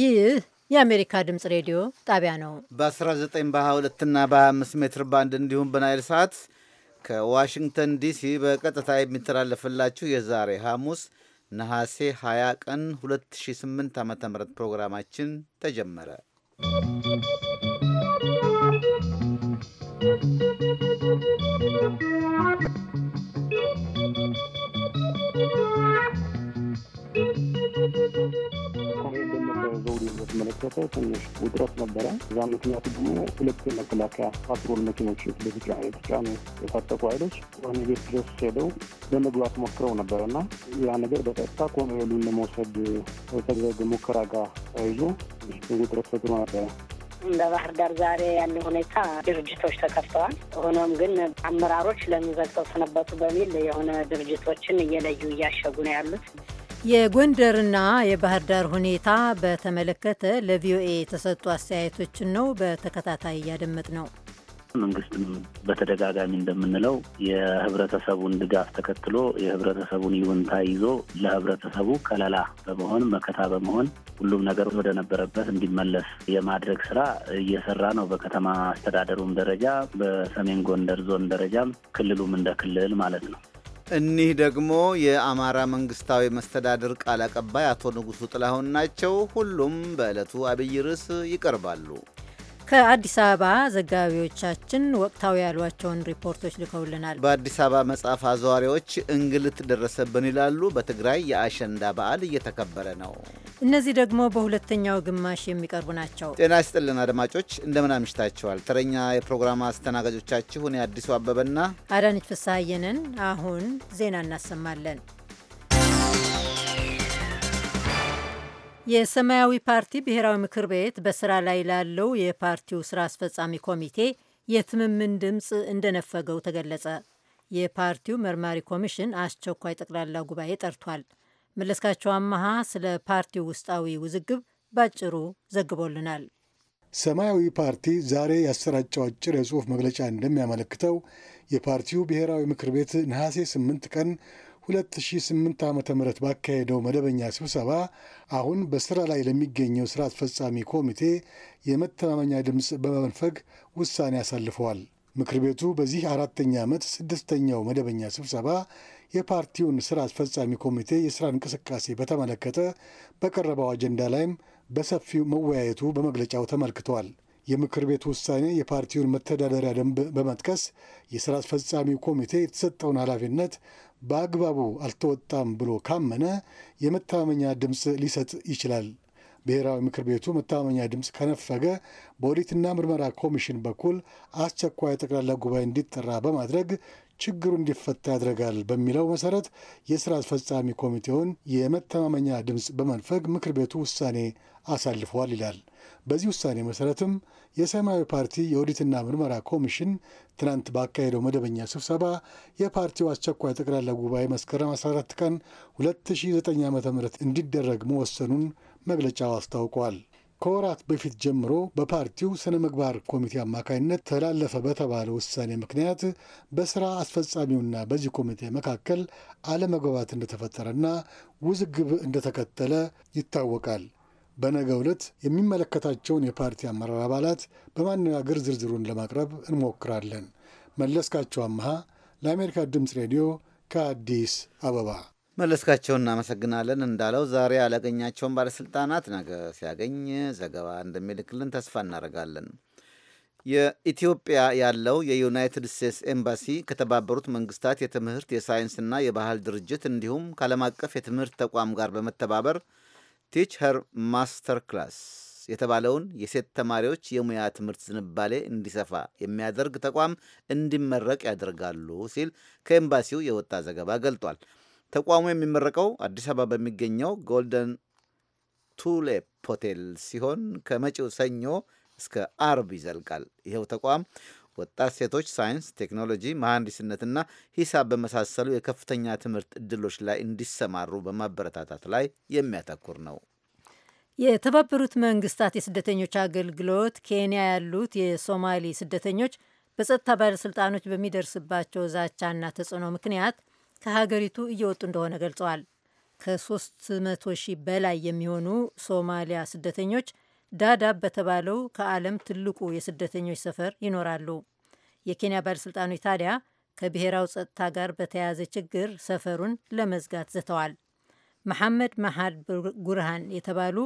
ይህ የአሜሪካ ድምፅ ሬዲዮ ጣቢያ ነው። በ19 በ22 እና በ25 ሜትር ባንድ እንዲሁም በናይል ሰዓት ከዋሽንግተን ዲሲ በቀጥታ የሚተላለፍላችሁ የዛሬ ሐሙስ ነሐሴ 20 ቀን 2008 ዓ ም ፕሮግራማችን ተጀመረ። በተመለከተ ትንሽ ውጥረት ነበረ። እዛ ምክንያቱ ደግሞ ሁለት የመከላከያ ፓትሮል መኪኖች የተጫኑ የታጠቁ ኃይሎች ሆኔ ቤት ድረስ ሄደው ለመግባት ሞክረው ነበረ እና ያ ነገር በቀጥታ ኮሎኔሉን ለመውሰድ በተደረገ ሙከራ ጋር ተይዞ ውጥረት ፈጥሮ ነበረ። በባህር ዳር ዛሬ ያለ ሁኔታ ድርጅቶች ተከፍተዋል። ሆኖም ግን አመራሮች ለምን ስነበቱ በሚል የሆነ ድርጅቶችን እየለዩ እያሸጉ ነው ያሉት። የጎንደርና የባህር ዳር ሁኔታ በተመለከተ ለቪኦኤ የተሰጡ አስተያየቶችን ነው በተከታታይ እያደመጥ ነው። መንግስትም በተደጋጋሚ እንደምንለው የህብረተሰቡን ድጋፍ ተከትሎ የህብረተሰቡን ይሁንታ ይዞ ለህብረተሰቡ ከለላ በመሆን መከታ በመሆን ሁሉም ነገር ወደ ነበረበት እንዲመለስ የማድረግ ስራ እየሰራ ነው። በከተማ አስተዳደሩም ደረጃ፣ በሰሜን ጎንደር ዞን ደረጃም ክልሉም እንደ ክልል ማለት ነው። እኒህ ደግሞ የአማራ መንግስታዊ መስተዳድር ቃል አቀባይ አቶ ንጉሱ ጥላሁን ናቸው። ሁሉም በዕለቱ አብይ ርዕስ ይቀርባሉ። ከአዲስ አበባ ዘጋቢዎቻችን ወቅታዊ ያሏቸውን ሪፖርቶች ልከውልናል። በአዲስ አበባ መጽሐፍ አዘዋሪዎች እንግልት ደረሰብን ይላሉ። በትግራይ የአሸንዳ በዓል እየተከበረ ነው። እነዚህ ደግሞ በሁለተኛው ግማሽ የሚቀርቡ ናቸው። ጤና ይስጥልን አድማጮች፣ እንደምን አምሽታችኋል? ተረኛ የፕሮግራም አስተናጋጆቻችሁን የአዲሱ አበበና አዳነች ፍስሐየንን። አሁን ዜና እናሰማለን። የሰማያዊ ፓርቲ ብሔራዊ ምክር ቤት በስራ ላይ ላለው የፓርቲው ስራ አስፈጻሚ ኮሚቴ የትምምን ድምፅ እንደነፈገው ተገለጸ። የፓርቲው መርማሪ ኮሚሽን አስቸኳይ ጠቅላላ ጉባኤ ጠርቷል። መለስካቸው አመሃ ስለ ፓርቲው ውስጣዊ ውዝግብ ባጭሩ ዘግቦልናል። ሰማያዊ ፓርቲ ዛሬ ያሰራጨው አጭር የጽሑፍ መግለጫ እንደሚያመለክተው የፓርቲው ብሔራዊ ምክር ቤት ነሐሴ 8 ቀን 2008 ዓ ም ባካሄደው መደበኛ ስብሰባ አሁን በስራ ላይ ለሚገኘው ስራ አስፈጻሚ ኮሚቴ የመተማመኛ ድምፅ በመንፈግ ውሳኔ አሳልፈዋል። ምክር ቤቱ በዚህ አራተኛ ዓመት ስድስተኛው መደበኛ ስብሰባ የፓርቲውን ስራ አስፈጻሚ ኮሚቴ የስራ እንቅስቃሴ በተመለከተ በቀረበው አጀንዳ ላይም በሰፊው መወያየቱ በመግለጫው ተመልክቷል። የምክር ቤቱ ውሳኔ የፓርቲውን መተዳደሪያ ደንብ በመጥቀስ የስራ አስፈጻሚው ኮሚቴ የተሰጠውን ኃላፊነት በአግባቡ አልተወጣም ብሎ ካመነ የመተማመኛ ድምፅ ሊሰጥ ይችላል። ብሔራዊ ምክር ቤቱ መተማመኛ ድምፅ ከነፈገ በኦዲትና ምርመራ ኮሚሽን በኩል አስቸኳይ ጠቅላላ ጉባኤ እንዲጠራ በማድረግ ችግሩ እንዲፈታ ያደርጋል በሚለው መሰረት የስራ አስፈጻሚ ኮሚቴውን የመተማመኛ ድምፅ በመንፈግ ምክር ቤቱ ውሳኔ አሳልፏል ይላል። በዚህ ውሳኔ መሰረትም የሰማያዊ ፓርቲ የኦዲትና ምርመራ ኮሚሽን ትናንት ባካሄደው መደበኛ ስብሰባ የፓርቲው አስቸኳይ ጠቅላላ ጉባኤ መስከረም 14 ቀን 2009 ዓ ም እንዲደረግ መወሰኑን መግለጫው አስታውቋል። ከወራት በፊት ጀምሮ በፓርቲው ስነ ምግባር ኮሚቴ አማካኝነት ተላለፈ በተባለ ውሳኔ ምክንያት በስራ አስፈጻሚውና በዚህ ኮሚቴ መካከል አለመግባባት እንደተፈጠረና ውዝግብ እንደተከተለ ይታወቃል። በነገ ዕለት የሚመለከታቸውን የፓርቲ አመራር አባላት በማነጋገር ዝርዝሩን ለማቅረብ እንሞክራለን። መለስካቸው አመሃ ለአሜሪካ ድምፅ ሬዲዮ ከአዲስ አበባ። መለስካቸው እናመሰግናለን። እንዳለው ዛሬ ያላገኛቸውን ባለሥልጣናት ነገ ሲያገኝ ዘገባ እንደሚልክልን ተስፋ እናደርጋለን። የኢትዮጵያ ያለው የዩናይትድ ስቴትስ ኤምባሲ ከተባበሩት መንግስታት የትምህርት የሳይንስና የባህል ድርጅት እንዲሁም ከዓለም አቀፍ የትምህርት ተቋም ጋር በመተባበር ቲች ሄር ማስተር ክላስ የተባለውን የሴት ተማሪዎች የሙያ ትምህርት ዝንባሌ እንዲሰፋ የሚያደርግ ተቋም እንዲመረቅ ያደርጋሉ ሲል ከኤምባሲው የወጣ ዘገባ ገልጧል። ተቋሙ የሚመረቀው አዲስ አበባ በሚገኘው ጎልደን ቱሌፕ ሆቴል ሲሆን ከመጪው ሰኞ እስከ አርብ ይዘልቃል። ይኸው ተቋም ወጣት ሴቶች ሳይንስ፣ ቴክኖሎጂ፣ መሐንዲስነትና ሂሳብ በመሳሰሉ የከፍተኛ ትምህርት እድሎች ላይ እንዲሰማሩ በማበረታታት ላይ የሚያተኩር ነው። የተባበሩት መንግስታት የስደተኞች አገልግሎት ኬንያ ያሉት የሶማሊ ስደተኞች በጸጥታ ባለሥልጣኖች በሚደርስባቸው ዛቻና ተጽዕኖ ምክንያት ከሀገሪቱ እየወጡ እንደሆነ ገልጸዋል። ከ300 ሺህ በላይ የሚሆኑ ሶማሊያ ስደተኞች ዳዳብ በተባለው ከዓለም ትልቁ የስደተኞች ሰፈር ይኖራሉ። የኬንያ ባለሥልጣኖች ታዲያ ከብሔራዊ ጸጥታ ጋር በተያያዘ ችግር ሰፈሩን ለመዝጋት ዝተዋል። መሐመድ መሐድ ጉርሃን የተባሉ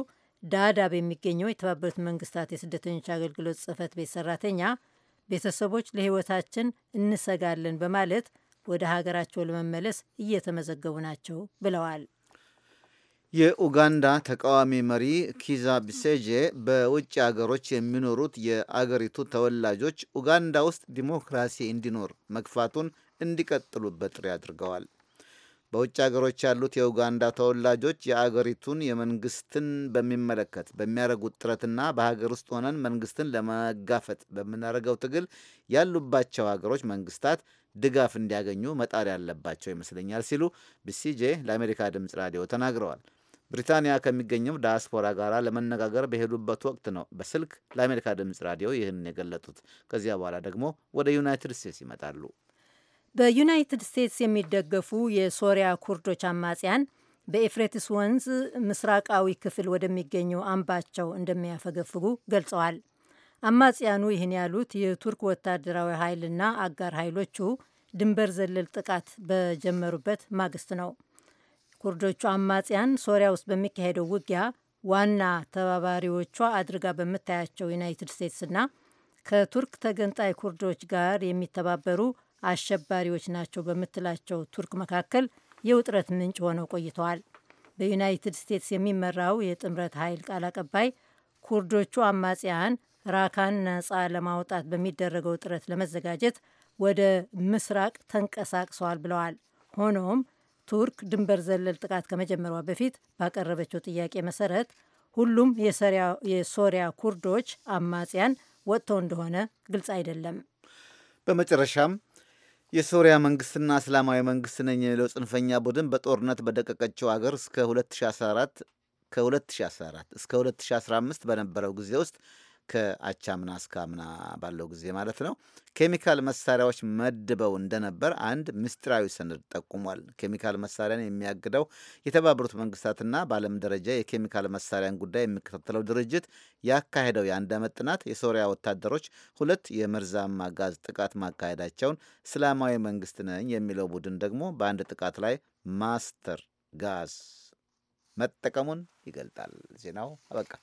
ዳዳብ የሚገኘው የተባበሩት መንግስታት የስደተኞች አገልግሎት ጽህፈት ቤት ሰራተኛ ቤተሰቦች ለህይወታችን እንሰጋለን በማለት ወደ ሀገራቸው ለመመለስ እየተመዘገቡ ናቸው ብለዋል። የኡጋንዳ ተቃዋሚ መሪ ኪዛ ቢሴጄ በውጭ አገሮች የሚኖሩት የአገሪቱ ተወላጆች ኡጋንዳ ውስጥ ዲሞክራሲ እንዲኖር መግፋቱን እንዲቀጥሉበት ጥሪ አድርገዋል። በውጭ አገሮች ያሉት የኡጋንዳ ተወላጆች የአገሪቱን የመንግስትን በሚመለከት በሚያደርጉት ጥረትና በሀገር ውስጥ ሆነን መንግስትን ለመጋፈጥ በምናደርገው ትግል ያሉባቸው ሀገሮች መንግስታት ድጋፍ እንዲያገኙ መጣር ያለባቸው ይመስለኛል ሲሉ ቢሲጄ ለአሜሪካ ድምፅ ራዲዮ ተናግረዋል። ብሪታንያ ከሚገኘው ዳያስፖራ ጋር ለመነጋገር በሄዱበት ወቅት ነው በስልክ ለአሜሪካ ድምፅ ራዲዮ ይህንን የገለጡት። ከዚያ በኋላ ደግሞ ወደ ዩናይትድ ስቴትስ ይመጣሉ። በዩናይትድ ስቴትስ የሚደገፉ የሶሪያ ኩርዶች አማጽያን በኤፍሬትስ ወንዝ ምስራቃዊ ክፍል ወደሚገኘው አምባቸው እንደሚያፈገፍጉ ገልጸዋል። አማጽያኑ ይህን ያሉት የቱርክ ወታደራዊ ኃይልና አጋር ኃይሎቹ ድንበር ዘለል ጥቃት በጀመሩበት ማግስት ነው። ኩርዶቹ አማጽያን ሶሪያ ውስጥ በሚካሄደው ውጊያ ዋና ተባባሪዎቿ አድርጋ በምታያቸው ዩናይትድ ስቴትስና ከቱርክ ተገንጣይ ኩርዶች ጋር የሚተባበሩ አሸባሪዎች ናቸው በምትላቸው ቱርክ መካከል የውጥረት ምንጭ ሆነው ቆይተዋል። በዩናይትድ ስቴትስ የሚመራው የጥምረት ኃይል ቃል አቀባይ ኩርዶቹ አማጽያን ራካን ነጻ ለማውጣት በሚደረገው ጥረት ለመዘጋጀት ወደ ምስራቅ ተንቀሳቅሰዋል ብለዋል። ሆኖም ቱርክ ድንበር ዘለል ጥቃት ከመጀመሯ በፊት ባቀረበችው ጥያቄ መሰረት ሁሉም የሶሪያ ኩርዶች አማጽያን ወጥተው እንደሆነ ግልጽ አይደለም። በመጨረሻም የሶሪያ መንግስትና እስላማዊ መንግስት ነኝ የሚለው ጽንፈኛ ቡድን በጦርነት በደቀቀችው አገር እስከ 2014 ከ2014 እስከ 2015 በነበረው ጊዜ ውስጥ ከአቻምና እስከ አምና ባለው ጊዜ ማለት ነው ኬሚካል መሳሪያዎች መድበው እንደነበር አንድ ምስጢራዊ ሰነድ ጠቁሟል። ኬሚካል መሳሪያን የሚያግደው የተባበሩት መንግስታትና በዓለም ደረጃ የኬሚካል መሳሪያን ጉዳይ የሚከታተለው ድርጅት ያካሄደው የአንድ ዓመት ጥናት የሶሪያ ወታደሮች ሁለት የመርዛማ ጋዝ ጥቃት ማካሄዳቸውን፣ እስላማዊ መንግስት ነኝ የሚለው ቡድን ደግሞ በአንድ ጥቃት ላይ ማስተር ጋዝ መጠቀሙን ይገልጣል። ዜናው አበቃ።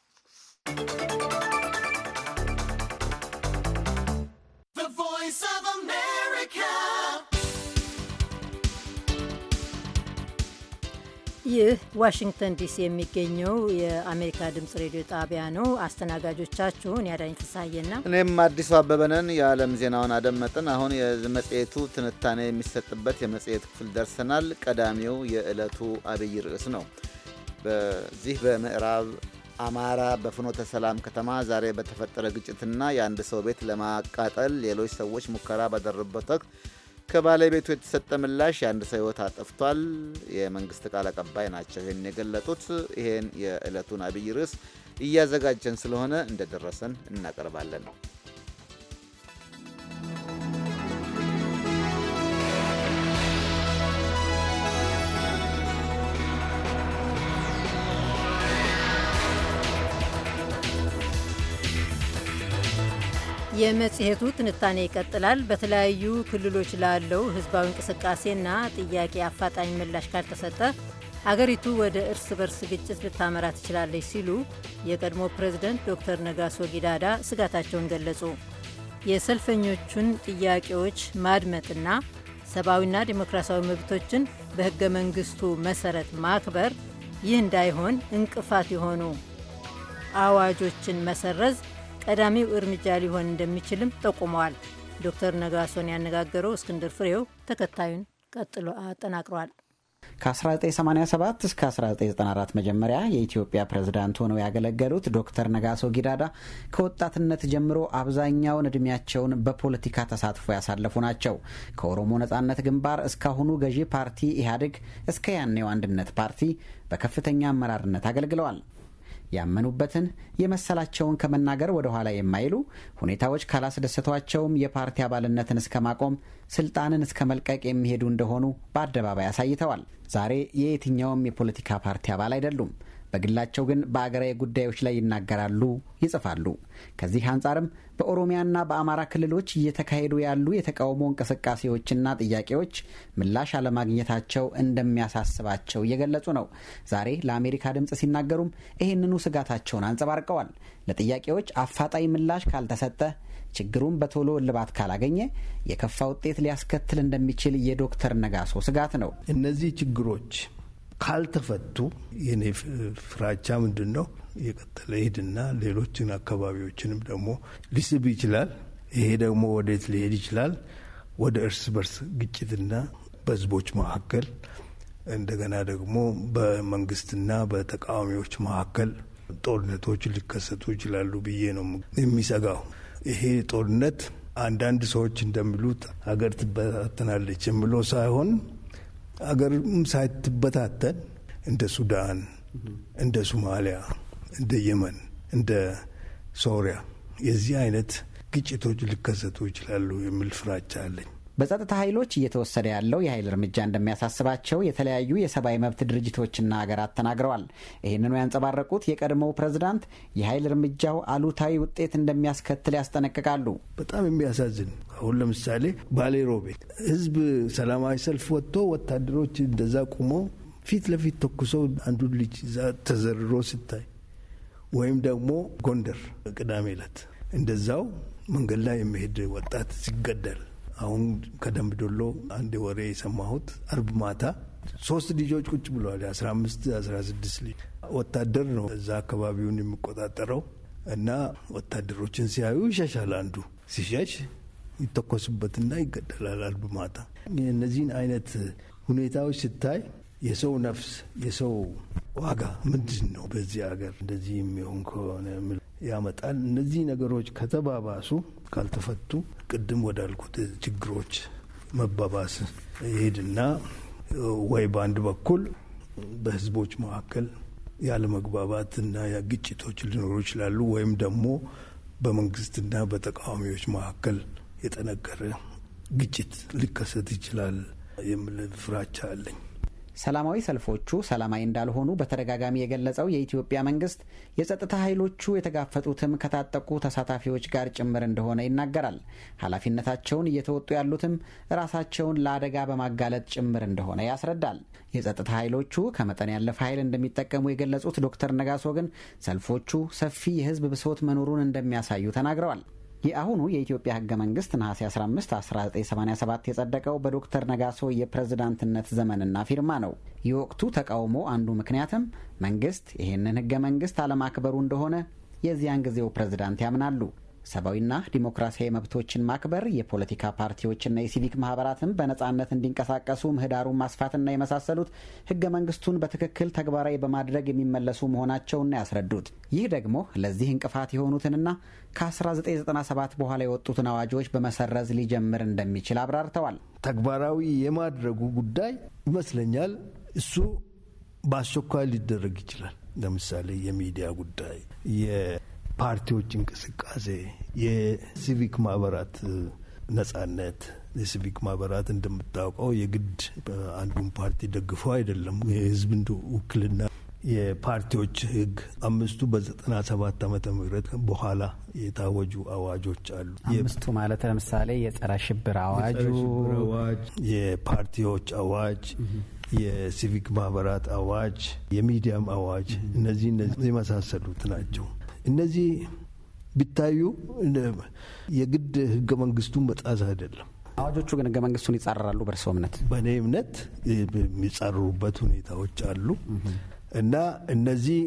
ይህ ዋሽንግተን ዲሲ የሚገኘው የአሜሪካ ድምጽ ሬዲዮ ጣቢያ ነው። አስተናጋጆቻችሁን ያዳኝ ፍስሐዬና እኔም አዲሱ አበበነን የዓለም ዜናውን አደመጥን። አሁን የመጽሔቱ ትንታኔ የሚሰጥበት የመጽሔት ክፍል ደርሰናል። ቀዳሚው የዕለቱ አብይ ርዕስ ነው። በዚህ በምዕራብ አማራ በፍኖተ ሰላም ከተማ ዛሬ በተፈጠረ ግጭትና የአንድ ሰው ቤት ለማቃጠል ሌሎች ሰዎች ሙከራ ባደረጉበት ወቅት ከባለቤቱ የተሰጠ ምላሽ የአንድ ሰው ህይወት አጠፍቷል። የመንግስት ቃል አቀባይ ናቸው ይህን የገለጡት። ይህን የዕለቱን አብይ ርዕስ እያዘጋጀን ስለሆነ እንደደረሰን እናቀርባለን። የመጽሔቱ ትንታኔ ይቀጥላል። በተለያዩ ክልሎች ላለው ህዝባዊ እንቅስቃሴና ጥያቄ አፋጣኝ ምላሽ ካልተሰጠ አገሪቱ ወደ እርስ በርስ ግጭት ልታመራ ትችላለች ሲሉ የቀድሞ ፕሬዝደንት ዶክተር ነጋሶ ጊዳዳ ስጋታቸውን ገለጹ። የሰልፈኞቹን ጥያቄዎች ማድመጥና ሰብአዊና ዴሞክራሲያዊ መብቶችን በህገ መንግስቱ መሰረት ማክበር፣ ይህ እንዳይሆን እንቅፋት የሆኑ አዋጆችን መሰረዝ ቀዳሚው እርምጃ ሊሆን እንደሚችልም ጠቁመዋል። ዶክተር ነጋሶን ያነጋገረው እስክንድር ፍሬው ተከታዩን ቀጥሎ አጠናቅሯል። ከ1987 እስከ 1994 መጀመሪያ የኢትዮጵያ ፕሬዝዳንት ሆነው ያገለገሉት ዶክተር ነጋሶ ጊዳዳ ከወጣትነት ጀምሮ አብዛኛውን እድሜያቸውን በፖለቲካ ተሳትፎ ያሳለፉ ናቸው። ከኦሮሞ ነጻነት ግንባር እስካሁኑ ገዢ ፓርቲ ኢህአዴግ እስከ ያኔው አንድነት ፓርቲ በከፍተኛ አመራርነት አገልግለዋል። ያመኑበትን የመሰላቸውን ከመናገር ወደ ኋላ የማይሉ ሁኔታዎች ካላስደሰቷቸውም የፓርቲ አባልነትን እስከ ማቆም ስልጣንን እስከ መልቀቅ የሚሄዱ እንደሆኑ በአደባባይ አሳይተዋል። ዛሬ የየትኛውም የፖለቲካ ፓርቲ አባል አይደሉም። በግላቸው ግን በአገራዊ ጉዳዮች ላይ ይናገራሉ፣ ይጽፋሉ። ከዚህ አንጻርም በኦሮሚያና በአማራ ክልሎች እየተካሄዱ ያሉ የተቃውሞ እንቅስቃሴዎችና ጥያቄዎች ምላሽ አለማግኘታቸው እንደሚያሳስባቸው እየገለጹ ነው። ዛሬ ለአሜሪካ ድምፅ ሲናገሩም ይህንኑ ስጋታቸውን አንጸባርቀዋል። ለጥያቄዎች አፋጣኝ ምላሽ ካልተሰጠ ችግሩን በቶሎ እልባት ካላገኘ የከፋ ውጤት ሊያስከትል እንደሚችል የዶክተር ነጋሶ ስጋት ነው። እነዚህ ችግሮች ካልተፈቱ የኔ ፍራቻ ምንድን ነው የቀጠለ ሄድና ሌሎችን አካባቢዎችንም ደግሞ ሊስብ ይችላል። ይሄ ደግሞ ወዴት ሊሄድ ይችላል? ወደ እርስ በርስ ግጭትና በህዝቦች መካከል እንደገና ደግሞ በመንግስትና በተቃዋሚዎች መካከል ጦርነቶች ሊከሰቱ ይችላሉ ብዬ ነው የሚሰጋው። ይሄ ጦርነት አንዳንድ ሰዎች እንደሚሉት ሀገር ትበታተናለች የሚለው ሳይሆን ሀገር ሳይትበታተን እንደ ሱዳን፣ እንደ ሶማሊያ፣ እንደ የመን፣ እንደ ሶሪያ የዚህ አይነት ግጭቶች ሊከሰቱ ይችላሉ የሚል ፍራቻ አለኝ። በጸጥታ ኃይሎች እየተወሰደ ያለው የኃይል እርምጃ እንደሚያሳስባቸው የተለያዩ የሰብአዊ መብት ድርጅቶችና ሀገራት ተናግረዋል። ይህንኑ ያንጸባረቁት የቀድሞው ፕሬዝዳንት የኃይል እርምጃው አሉታዊ ውጤት እንደሚያስከትል ያስጠነቅቃሉ። በጣም የሚያሳዝን አሁን ለምሳሌ ባሌ ሮቤ ህዝብ ሰላማዊ ሰልፍ ወጥቶ ወታደሮች እንደዛ ቁሞ ፊት ለፊት ተኩሰው አንዱ ልጅ እዛ ተዘርሮ ስታይ፣ ወይም ደግሞ ጎንደር ቅዳሜ ዕለት እንደዛው መንገድ ላይ የሚሄድ ወጣት ሲገደል አሁን ከደንብ ዶሎ አንድ ወሬ የሰማሁት አርብ ማታ ሶስት ልጆች ቁጭ ብለዋል። አስራ አምስት አስራ ስድስት ልጅ ወታደር ነው እዛ አካባቢውን የሚቆጣጠረው እና ወታደሮችን ሲያዩ ይሸሻል። አንዱ ሲሸሽ ይተኮስበትና ይገደላል። አርብ ማታ እነዚህን አይነት ሁኔታዎች ስታይ የሰው ነፍስ የሰው ዋጋ ምንድን ነው? በዚህ ሀገር እንደዚህ የሚሆን ከሆነ ያመጣል። እነዚህ ነገሮች ከተባባሱ ካልተፈቱ ቅድም ወዳልኩት ችግሮች መባባስ ይሄድና ወይ በአንድ በኩል በህዝቦች መካከል ያለመግባባትና ግጭቶች ሊኖሩ ይችላሉ፣ ወይም ደግሞ በመንግስትና በተቃዋሚዎች መካከል የጠነከረ ግጭት ሊከሰት ይችላል የሚል ፍራቻ አለኝ። ሰላማዊ ሰልፎቹ ሰላማዊ እንዳልሆኑ በተደጋጋሚ የገለጸው የኢትዮጵያ መንግስት የጸጥታ ኃይሎቹ የተጋፈጡትም ከታጠቁ ተሳታፊዎች ጋር ጭምር እንደሆነ ይናገራል። ኃላፊነታቸውን እየተወጡ ያሉትም ራሳቸውን ለአደጋ በማጋለጥ ጭምር እንደሆነ ያስረዳል። የጸጥታ ኃይሎቹ ከመጠን ያለፈ ኃይል እንደሚጠቀሙ የገለጹት ዶክተር ነጋሶ ግን ሰልፎቹ ሰፊ የህዝብ ብሶት መኖሩን እንደሚያሳዩ ተናግረዋል። የአሁኑ የኢትዮጵያ ህገ መንግስት ነሐሴ 15 1987 የጸደቀው በዶክተር ነጋሶ የፕሬዝዳንትነት ዘመንና ፊርማ ነው። የወቅቱ ተቃውሞ አንዱ ምክንያትም መንግስት ይህንን ህገ መንግስት አለማክበሩ እንደሆነ የዚያን ጊዜው ፕሬዝዳንት ያምናሉ። ሰብአዊና ዲሞክራሲያዊ መብቶችን ማክበር፣ የፖለቲካ ፓርቲዎችና የሲቪክ ማህበራትም በነፃነት እንዲንቀሳቀሱ ምህዳሩን ማስፋትና የመሳሰሉት ህገ መንግስቱን በትክክል ተግባራዊ በማድረግ የሚመለሱ መሆናቸውና ያስረዱት ይህ ደግሞ ለዚህ እንቅፋት የሆኑትንና ከ1997 በኋላ የወጡትን አዋጆች በመሰረዝ ሊጀምር እንደሚችል አብራርተዋል። ተግባራዊ የማድረጉ ጉዳይ ይመስለኛል እሱ በአስቸኳይ ሊደረግ ይችላል። ለምሳሌ የሚዲያ ጉዳይ ፓርቲዎች እንቅስቃሴ፣ የሲቪክ ማህበራት ነጻነት የሲቪክ ማህበራት እንደምታውቀው የግድ አንዱን ፓርቲ ደግፎ አይደለም የህዝብ ውክልና የፓርቲዎች ህግ አምስቱ በዘጠና ሰባት ዓመተ ምህረት በኋላ የታወጁ አዋጆች አሉ። አምስቱ ማለት ለምሳሌ የጸረ ሽብር አዋጁ፣ የፓርቲዎች አዋጅ፣ የሲቪክ ማህበራት አዋጅ፣ የሚዲያም አዋጅ እነዚህ የመሳሰሉት ናቸው። እነዚህ ቢታዩ የግድ ህገ መንግስቱን መጣስ አይደለም። አዋጆቹ ግን ህገ መንግስቱን ይጻረራሉ። በእርስዎ እምነት? በእኔ እምነት የሚጻረሩበት ሁኔታዎች አሉ እና እነዚህ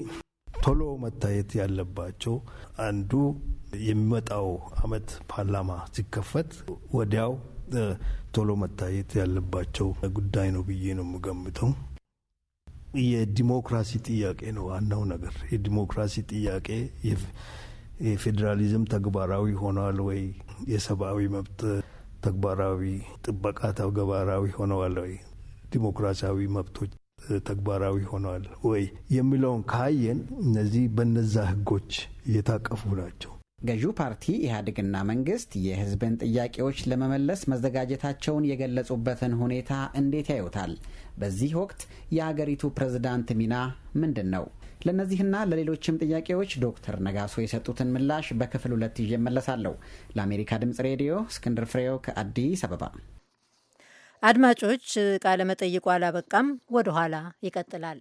ቶሎ መታየት ያለባቸው አንዱ የሚመጣው አመት ፓርላማ ሲከፈት ወዲያው ቶሎ መታየት ያለባቸው ጉዳይ ነው ብዬ ነው የምገምተው። የዲሞክራሲ ጥያቄ ነው ዋናው ነገር። የዲሞክራሲ ጥያቄ የፌዴራሊዝም ተግባራዊ ሆነዋል ወይ? የሰብአዊ መብት ተግባራዊ ጥበቃ ተግባራዊ ሆነዋል ወይ? ዲሞክራሲያዊ መብቶች ተግባራዊ ሆነዋል ወይ የሚለውን ካየን እነዚህ በነዛ ህጎች እየታቀፉ ናቸው። ገዢው ፓርቲ ኢህአዴግና መንግስት የህዝብን ጥያቄዎች ለመመለስ መዘጋጀታቸውን የገለጹበትን ሁኔታ እንዴት ያዩታል? በዚህ ወቅት የአገሪቱ ፕሬዝዳንት ሚና ምንድን ነው? ለእነዚህና ለሌሎችም ጥያቄዎች ዶክተር ነጋሶ የሰጡትን ምላሽ በክፍል ሁለት ይዤ መለሳለሁ። ለአሜሪካ ድምጽ ሬዲዮ እስክንድር ፍሬው ከአዲስ አበባ። አድማጮች፣ ቃለ መጠይቁ አላበቃም፣ ወደኋላ ይቀጥላል።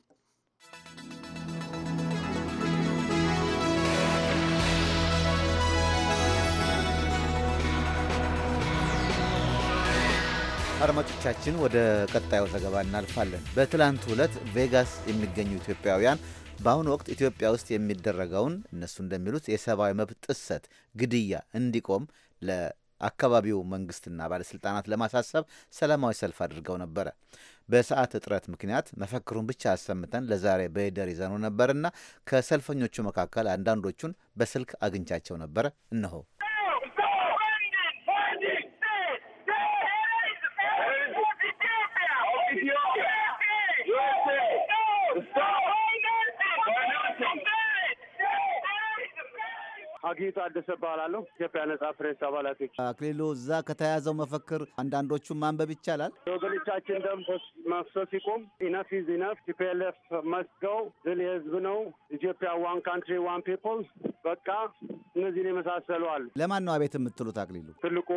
አድማጮቻችን ወደ ቀጣዩ ዘገባ እናልፋለን። በትላንት ዕለት ቬጋስ የሚገኙ ኢትዮጵያውያን በአሁኑ ወቅት ኢትዮጵያ ውስጥ የሚደረገውን እነሱ እንደሚሉት የሰብአዊ መብት ጥሰት፣ ግድያ እንዲቆም ለአካባቢው መንግስትና ባለስልጣናት ለማሳሰብ ሰላማዊ ሰልፍ አድርገው ነበረ። በሰዓት እጥረት ምክንያት መፈክሩን ብቻ አሰምተን ለዛሬ በይደር ይዘኑ ነበርና ከሰልፈኞቹ መካከል አንዳንዶቹን በስልክ አግኝቻቸው ነበረ። እነሆ አግኝቶ አደሰ እባላለሁ። ኢትዮጵያ ነጻ ፕሬስ አባላቶች አክሊሉ፣ እዛ ከተያዘው መፈክር አንዳንዶቹን ማንበብ ይቻላል። የወገኖቻችን ደም መፍሰስ ሲቆም ኢነፍ ኢዝ ኢነፍ፣ ቲፒኤልኤፍ መስት ድል የህዝብ ነው፣ ኢትዮጵያ ዋን ካንትሪ ዋን ፒፕል፣ በቃ እነዚህን የመሳሰሉ አሉ። ለማን ነው አቤት የምትሉት? አክሊሉ፣ ትልቁ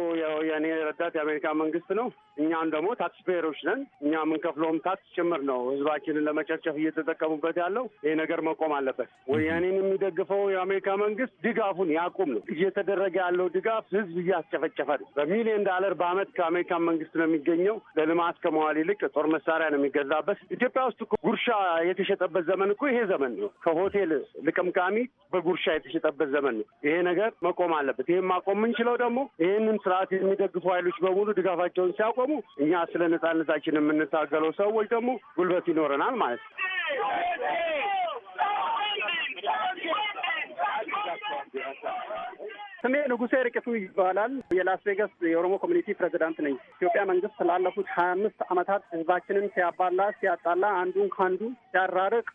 የኔ ረዳት የአሜሪካ መንግስት ነው። እኛም ደግሞ ታክስ ፔየሮች ነን። እኛ የምንከፍለውም ታክስ ጭምር ነው ህዝባችንን ለመጨፍጨፍ እየተጠቀሙበት ያለው። ይሄ ነገር መቆም አለበት። ወያኔን የሚደግፈው የአሜሪካ መንግስት ድጋፍ አሁን ያቁም ነው እየተደረገ ያለው ድጋፍ ህዝብ እያስጨፈጨፈ ነው። በሚሊዮን ዳለር በአመት ከአሜሪካን መንግስት ነው የሚገኘው። ለልማት ከመዋል ይልቅ ጦር መሳሪያ ነው የሚገዛበት። ኢትዮጵያ ውስጥ ጉርሻ የተሸጠበት ዘመን እኮ ይሄ ዘመን ነው። ከሆቴል ልቅምቃሚ በጉርሻ የተሸጠበት ዘመን ነው። ይሄ ነገር መቆም አለበት። ይህም ማቆም የምንችለው ደግሞ ይህንን ስርዓት የሚደግፉ ኃይሎች በሙሉ ድጋፋቸውን ሲያቆሙ፣ እኛ ስለ ነጻነታችን የምንታገለው ሰዎች ደግሞ ጉልበት ይኖረናል ማለት ነው። ስሜ ንጉሴ ርቅቱ ይባላል። የላስ ቬገስ የኦሮሞ ኮሚኒቲ ፕሬዚዳንት ነኝ። ኢትዮጵያ መንግስት ላለፉት ሀያ አምስት ዓመታት ህዝባችንን ሲያባላ ሲያጣላ፣ አንዱን ከአንዱ ሲያራርቅ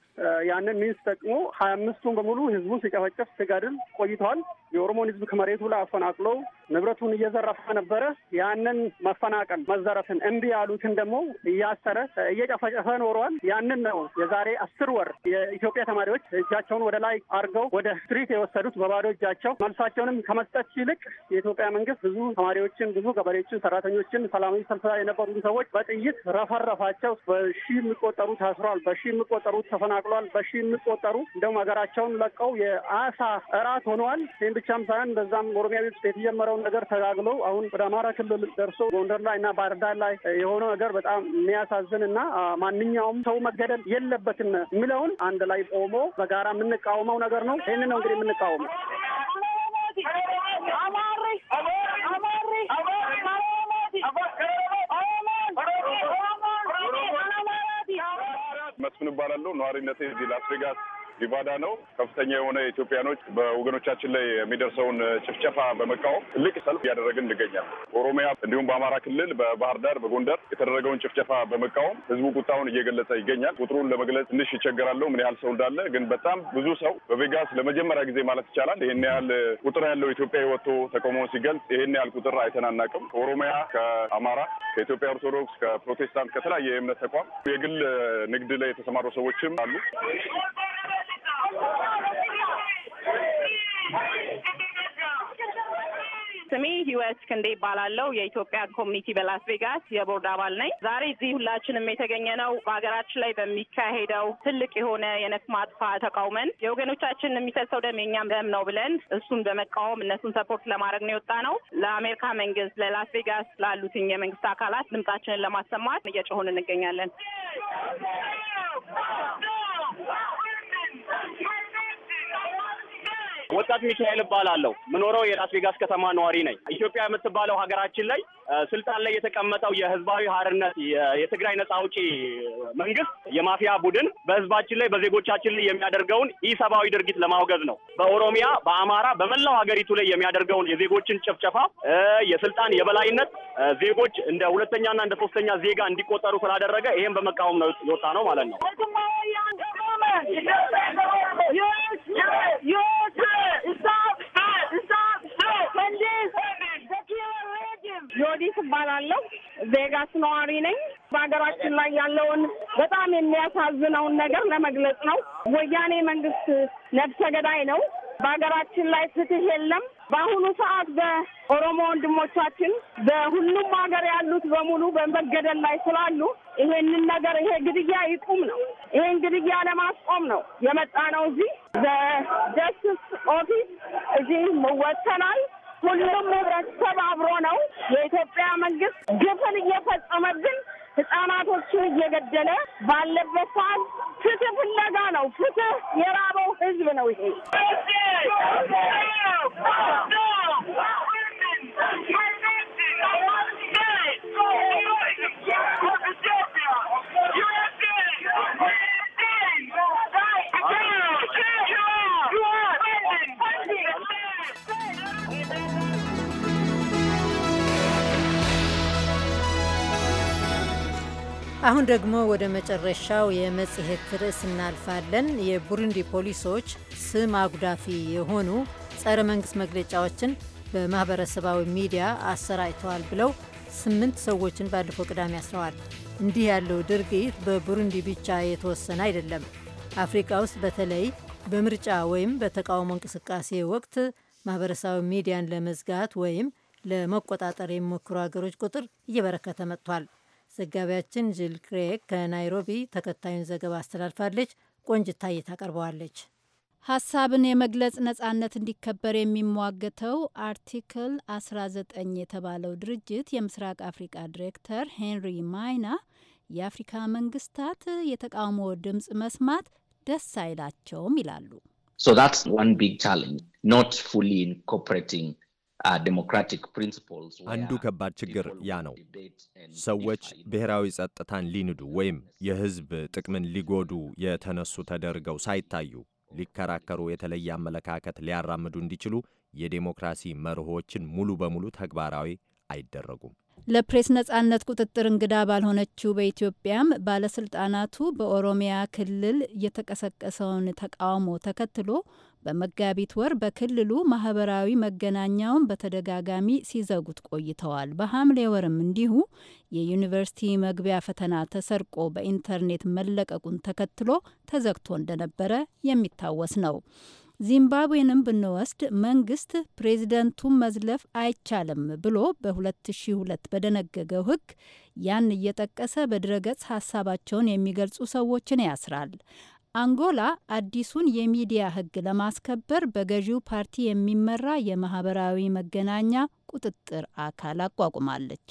ያንን ሚንስ ጠቅሞ ሀያ አምስቱን በሙሉ ህዝቡን ሲጨፈጨፍ ሲገድል ቆይተዋል። የኦሮሞን ህዝብ ከመሬቱ ላይ አፈናቅለው ንብረቱን እየዘረፈ ነበረ። ያንን መፈናቀል መዘረፍን እምቢ ያሉትን ደግሞ እያሰረ እየጨፈጨፈ ኖሯል። ያንን ነው የዛሬ አስር ወር የኢትዮጵያ ተማሪዎች እጃቸውን ወደ ላይ አድርገው ወደ ስትሪት የወሰዱት በባዶ እጃቸው። መልሳቸውንም ከመስጠት ይልቅ የኢትዮጵያ መንግስት ብዙ ተማሪዎችን፣ ብዙ ገበሬዎችን፣ ሰራተኞችን፣ ሰላማዊ ሰልፍ ላይ የነበሩ ሰዎች በጥይት ረፈረፋቸው። በሺ የሚቆጠሩ ታስሯል። በሺ የሚቆጠሩ ተፈናቅሏል። በሺ የሚቆጠሩ እንደውም ሀገራቸውን ለቀው የአሳ እራት ሆነዋል። ይህም ብቻም ሳይሆን በዛም ኦሮሚያ ቤት የተጀመረው ነገር ተጋግለው አሁን ወደ አማራ ክልል ደርሶ ጎንደር ላይ እና ባህርዳር ላይ የሆነው ነገር በጣም የሚያሳዝን እና ማንኛውም ሰው መገደል የለበትም የሚለውን አንድ ላይ ቆሞ በጋራ የምንቃወመው ነገር ነው። ይህን ነው እንግዲህ የምንቃወመው። መስፍን እባላለሁ። ነዋሪነቴ እዚህ ላስቬጋስ ኢባዳ ነው። ከፍተኛ የሆነ ኢትዮጵያኖች በወገኖቻችን ላይ የሚደርሰውን ጭፍጨፋ በመቃወም ትልቅ ሰልፍ እያደረግን እንገኛል። በኦሮሚያ እንዲሁም በአማራ ክልል በባህር ዳር፣ በጎንደር የተደረገውን ጭፍጨፋ በመቃወም ህዝቡ ቁጣውን እየገለጸ ይገኛል። ቁጥሩን ለመግለጽ ትንሽ ይቸገራለሁ ምን ያህል ሰው እንዳለ ግን በጣም ብዙ ሰው በቬጋስ ለመጀመሪያ ጊዜ ማለት ይቻላል ይህን ያህል ቁጥር ያለው ኢትዮጵያ ወጥቶ ተቃውሞ ሲገልጽ ይህን ያህል ቁጥር አይተናናቅም ከኦሮሚያ፣ ከአማራ፣ ከኢትዮጵያ ኦርቶዶክስ፣ ከፕሮቴስታንት፣ ከተለያየ የእምነት ተቋም የግል ንግድ ላይ የተሰማሩ ሰዎችም አሉ። ስሜ ህይወት ክንዴ ይባላለው። የኢትዮጵያ ኮሚኒቲ በላስ ቬጋስ የቦርድ አባል ነኝ። ዛሬ እዚህ ሁላችንም የተገኘ ነው በሀገራችን ላይ በሚካሄደው ትልቅ የሆነ የነፍስ ማጥፋ ተቃውመን የወገኖቻችን የሚፈሰው ደም የኛም ደም ነው ብለን እሱን በመቃወም እነሱን ሰፖርት ለማድረግ ነው የወጣ ነው። ለአሜሪካ መንግስት፣ ለላስ ቬጋስ ላሉትኝ የመንግስት አካላት ድምጻችንን ለማሰማት እየጮሆን እንገኛለን። ወጣት ሚካኤል እባላለሁ። ምኖረው የላስ ቬጋስ ከተማ ነዋሪ ነኝ። ኢትዮጵያ የምትባለው ሀገራችን ላይ ስልጣን ላይ የተቀመጠው የህዝባዊ ሀርነት የትግራይ ነጻ አውጪ መንግስት የማፊያ ቡድን በህዝባችን ላይ በዜጎቻችን ላይ የሚያደርገውን ኢሰብአዊ ድርጊት ለማውገዝ ነው። በኦሮሚያ፣ በአማራ፣ በመላው ሀገሪቱ ላይ የሚያደርገውን የዜጎችን ጭፍጨፋ፣ የስልጣን የበላይነት ዜጎች እንደ ሁለተኛና እንደ ሶስተኛ ዜጋ እንዲቆጠሩ ስላደረገ ይሄን በመቃወም ነው የወጣ ነው ማለት ነው። woman. You, you, stop, ዮዲት እባላለሁ። ቬጋስ ነዋሪ ነኝ። በሀገራችን ላይ ያለውን በጣም የሚያሳዝነውን ነገር ለመግለጽ ነው። ወያኔ መንግስት ነፍሰ ገዳይ ነው። በሀገራችን ላይ ፍትህ የለም። በአሁኑ ሰዓት በኦሮሞ ወንድሞቻችን በሁሉም ሀገር ያሉት በሙሉ በመገደል ላይ ስላሉ ይሄንን ነገር ይሄ ግድያ ይቁም ነው። ይሄን ግድያ ለማስቆም ነው የመጣ ነው። እዚህ በጀስትስ ኦፊስ እዚህ ወጥተናል። ሁሉም ህብረተሰብ አብሮ ነው። የኢትዮጵያ መንግስት ግፍን እየፈጸመብን ህጻናቶችን እየገደለ ባለበት ሰዓት ፍትህ ፍለጋ ነው። ፍትህ የራበው ህዝብ ነው ይሄ አሁን ደግሞ ወደ መጨረሻው የመጽሔት ርዕስ እናልፋለን። የቡሩንዲ ፖሊሶች ስም አጉዳፊ የሆኑ ጸረ መንግስት መግለጫዎችን በማህበረሰባዊ ሚዲያ አሰራጭተዋል ብለው ስምንት ሰዎችን ባለፈው ቅዳሜ አስረዋል። እንዲህ ያለው ድርጊት በቡሩንዲ ብቻ የተወሰነ አይደለም። አፍሪካ ውስጥ በተለይ በምርጫ ወይም በተቃውሞ እንቅስቃሴ ወቅት ማህበረሰባዊ ሚዲያን ለመዝጋት ወይም ለመቆጣጠር የሚሞክሩ ሀገሮች ቁጥር እየበረከተ መጥቷል። ዘጋቢያችን ጅል ክሬግ ከናይሮቢ ተከታዩን ዘገባ አስተላልፋለች። ቆንጅታዬ ታቀርበዋለች። ሀሳብን የመግለጽ ነጻነት እንዲከበር የሚሟገተው አርቲክል 19 የተባለው ድርጅት የምስራቅ አፍሪቃ ዲሬክተር ሄንሪ ማይና የአፍሪካ መንግስታት የተቃውሞ ድምፅ መስማት ደስ አይላቸውም ይላሉ። ሶ ዛትስ ዋን ቢግ ቻሌንጅ ኖት ፉሊ ኢንኮርፖሬቲንግ Uh, አንዱ ከባድ ችግር ያ ነው። ሰዎች ብሔራዊ ጸጥታን ሊንዱ ወይም የሕዝብ ጥቅምን ሊጎዱ የተነሱ ተደርገው ሳይታዩ ሊከራከሩ፣ የተለየ አመለካከት ሊያራምዱ እንዲችሉ የዴሞክራሲ መርሆችን ሙሉ በሙሉ ተግባራዊ አይደረጉም። ለፕሬስ ነጻነት ቁጥጥር እንግዳ ባልሆነችው በኢትዮጵያም ባለስልጣናቱ በኦሮሚያ ክልል የተቀሰቀሰውን ተቃውሞ ተከትሎ በመጋቢት ወር በክልሉ ማህበራዊ መገናኛውን በተደጋጋሚ ሲዘጉት ቆይተዋል። በሐምሌ ወርም እንዲሁ የዩኒቨርሲቲ መግቢያ ፈተና ተሰርቆ በኢንተርኔት መለቀቁን ተከትሎ ተዘግቶ እንደነበረ የሚታወስ ነው። ዚምባብዌንም ብንወስድ መንግስት ፕሬዚደንቱን መዝለፍ አይቻልም ብሎ በ2002 በደነገገው ሕግ ያን እየጠቀሰ በድረገጽ ሀሳባቸውን የሚገልጹ ሰዎችን ያስራል። አንጎላ አዲሱን የሚዲያ ህግ ለማስከበር በገዢው ፓርቲ የሚመራ የማህበራዊ መገናኛ ቁጥጥር አካል አቋቁማለች።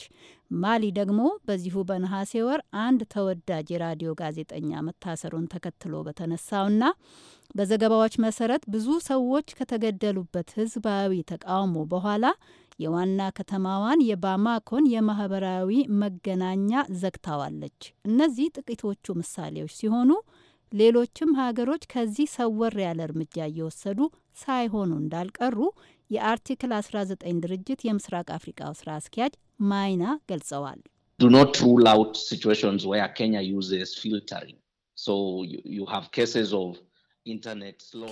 ማሊ ደግሞ በዚሁ በነሐሴ ወር አንድ ተወዳጅ የራዲዮ ጋዜጠኛ መታሰሩን ተከትሎ በተነሳውና በዘገባዎች መሰረት ብዙ ሰዎች ከተገደሉበት ህዝባዊ ተቃውሞ በኋላ የዋና ከተማዋን የባማኮን የማህበራዊ መገናኛ ዘግታዋለች። እነዚህ ጥቂቶቹ ምሳሌዎች ሲሆኑ ሌሎችም ሀገሮች ከዚህ ሰወር ያለ እርምጃ እየወሰዱ ሳይሆኑ እንዳልቀሩ የአርቲክል 19 ድርጅት የምስራቅ አፍሪቃው ስራ አስኪያጅ ማይና ገልጸዋል።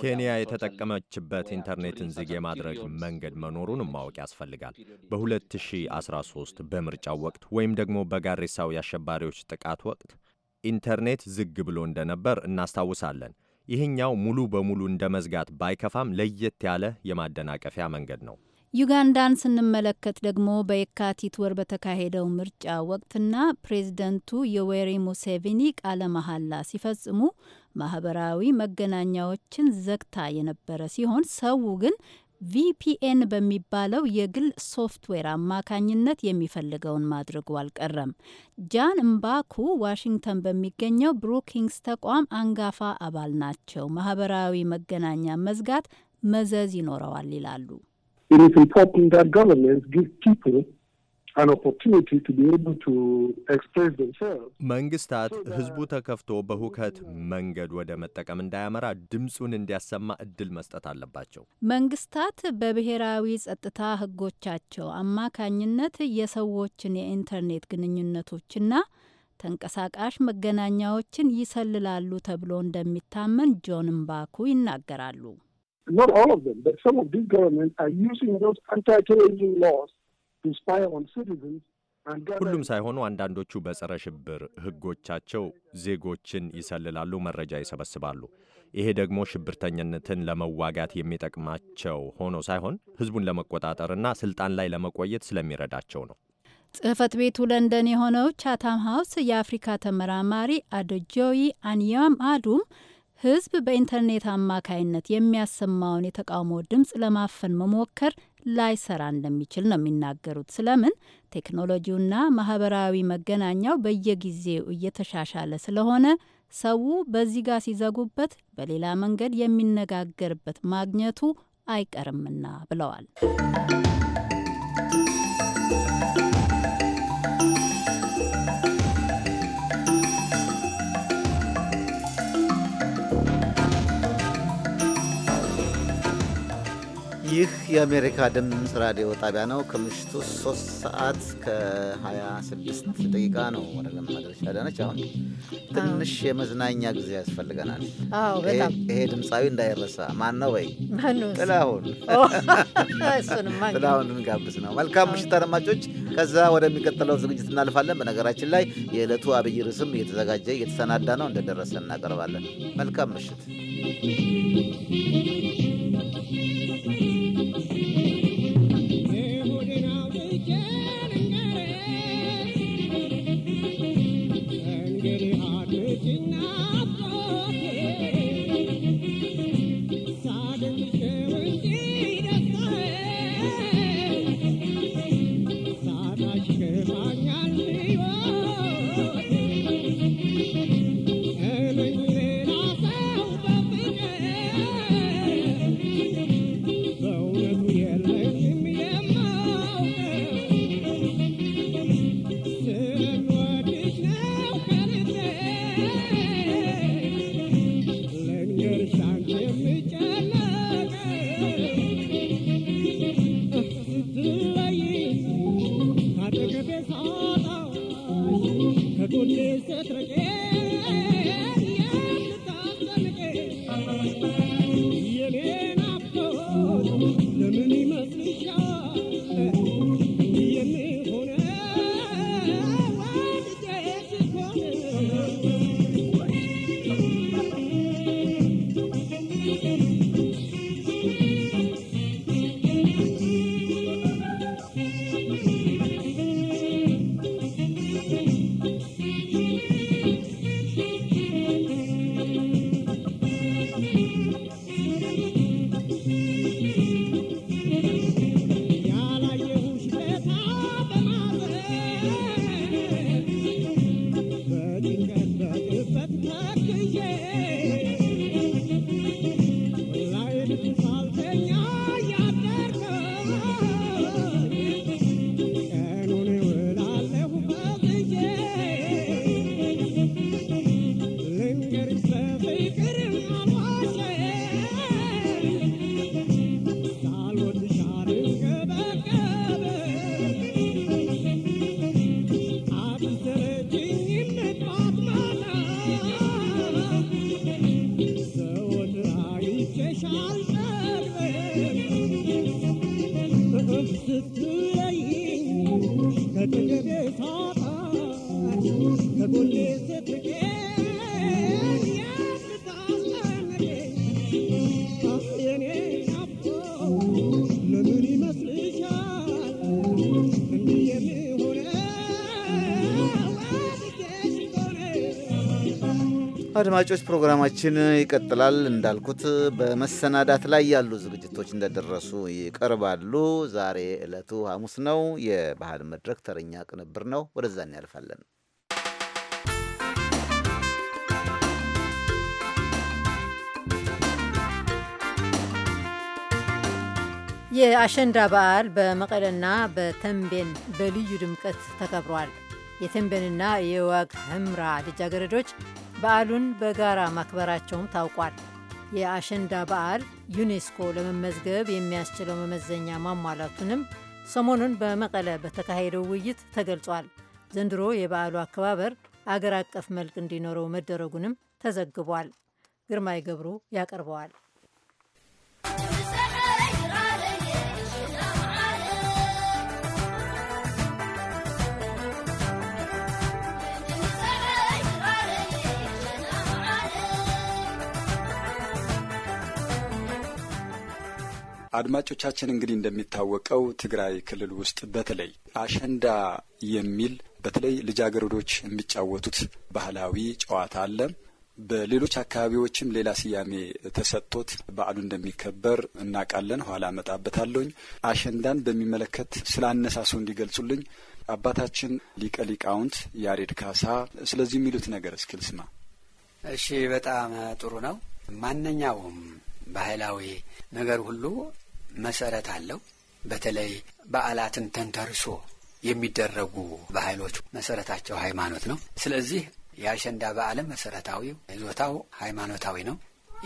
ኬንያ የተጠቀመችበት ኢንተርኔትን ዝግ የማድረግ መንገድ መኖሩን ማወቅ ያስፈልጋል። በ2013 በምርጫው ወቅት ወይም ደግሞ በጋሪሳው የአሸባሪዎች ጥቃት ወቅት ኢንተርኔት ዝግ ብሎ እንደነበር እናስታውሳለን። ይህኛው ሙሉ በሙሉ እንደ መዝጋት ባይከፋም ለየት ያለ የማደናቀፊያ መንገድ ነው። ዩጋንዳን ስንመለከት ደግሞ በየካቲት ወር በተካሄደው ምርጫ ወቅትና ፕሬዚደንቱ ዮዌሪ ሙሴቪኒ ቃለ መሐላ ሲፈጽሙ ማህበራዊ መገናኛዎችን ዘግታ የነበረ ሲሆን ሰው ግን ቪፒኤን በሚባለው የግል ሶፍትዌር አማካኝነት የሚፈልገውን ማድረጉ አልቀረም። ጃን እምባኩ ዋሽንግተን በሚገኘው ብሩኪንግስ ተቋም አንጋፋ አባል ናቸው። ማህበራዊ መገናኛ መዝጋት መዘዝ ይኖረዋል ይላሉ። መንግስታት ህዝቡ ተከፍቶ በሁከት መንገድ ወደ መጠቀም እንዳያመራ ድምፁን እንዲያሰማ እድል መስጠት አለባቸው። መንግስታት በብሔራዊ ጸጥታ ህጎቻቸው አማካኝነት የሰዎችን የኢንተርኔት ግንኙነቶችና ተንቀሳቃሽ መገናኛዎችን ይሰልላሉ ተብሎ እንደሚታመን ጆን ምባኩ ይናገራሉ። ሁሉም ሳይሆኑ አንዳንዶቹ በጸረ ሽብር ህጎቻቸው ዜጎችን ይሰልላሉ፣ መረጃ ይሰበስባሉ። ይሄ ደግሞ ሽብርተኝነትን ለመዋጋት የሚጠቅማቸው ሆኖ ሳይሆን ህዝቡን ለመቆጣጠርና ስልጣን ላይ ለመቆየት ስለሚረዳቸው ነው። ጽህፈት ቤቱ ለንደን የሆነው ቻታም ሀውስ የአፍሪካ ተመራማሪ አዶጆይ አንያም አዱም ህዝብ በኢንተርኔት አማካይነት የሚያሰማውን የተቃውሞ ድምፅ ለማፈን መሞከር ላይሰራ እንደሚችል ነው የሚናገሩት። ስለምን ቴክኖሎጂውና ማህበራዊ መገናኛው በየጊዜው እየተሻሻለ ስለሆነ ሰው በዚህ ጋር ሲዘጉበት በሌላ መንገድ የሚነጋገርበት ማግኘቱ አይቀርምና ብለዋል። ይህ የአሜሪካ ድምፅ ራዲዮ ጣቢያ ነው። ከምሽቱ 3 ሰዓት ከ26 ደቂቃ ነው። ወደ ለማድረሻ ዳነች። አሁን ትንሽ የመዝናኛ ጊዜ ያስፈልገናል። ይሄ ድምፃዊ እንዳይረሳ። ማን ነው ወይ? ጥላሁን ጥላሁን እንጋብዝ ነው። መልካም ምሽት አድማጮች። ከዛ ወደሚቀጥለው ዝግጅት እናልፋለን። በነገራችን ላይ የዕለቱ አብይ ርዕስም እየተዘጋጀ እየተሰናዳ ነው። እንደደረሰ እናቀርባለን። መልካም ምሽት አድማጮች ፕሮግራማችን ይቀጥላል። እንዳልኩት በመሰናዳት ላይ ያሉ ዝግጅቶች እንደደረሱ ይቀርባሉ። ዛሬ ዕለቱ ሐሙስ ነው። የባህል መድረክ ተረኛ ቅንብር ነው። ወደዛ እናያልፋለን። የአሸንዳ በዓል በመቀለና በተንቤን በልዩ ድምቀት ተከብሯል። የተንቤንና የዋግ ህምራ ልጃገረዶች በዓሉን በጋራ ማክበራቸውም ታውቋል። የአሸንዳ በዓል ዩኔስኮ ለመመዝገብ የሚያስችለው መመዘኛ ማሟላቱንም ሰሞኑን በመቀለ በተካሄደው ውይይት ተገልጿል። ዘንድሮ የበዓሉ አከባበር አገር አቀፍ መልክ እንዲኖረው መደረጉንም ተዘግቧል። ግርማይ ገብሩ ያቀርበዋል። አድማጮቻችን እንግዲህ እንደሚታወቀው ትግራይ ክልል ውስጥ በተለይ አሸንዳ የሚል በተለይ ልጃገረዶች የሚጫወቱት ባህላዊ ጨዋታ አለ። በሌሎች አካባቢዎችም ሌላ ስያሜ ተሰጥቶት በዓሉ እንደሚከበር እናውቃለን። ኋላ እመጣበታለሁኝ። አሸንዳን በሚመለከት አነሳሱ እንዲገልጹልኝ አባታችን ሊቀ ሊቃውንት ያሬድ ካሳ ስለዚህ የሚሉት ነገር እስኪ ልስማ። እሺ፣ በጣም ጥሩ ነው። ማንኛውም ባህላዊ ነገር ሁሉ መሰረት አለው። በተለይ በዓላትን ተንተርሶ የሚደረጉ ባህሎች መሰረታቸው ሃይማኖት ነው። ስለዚህ የአሸንዳ በዓልም መሰረታዊ ይዞታው ሃይማኖታዊ ነው።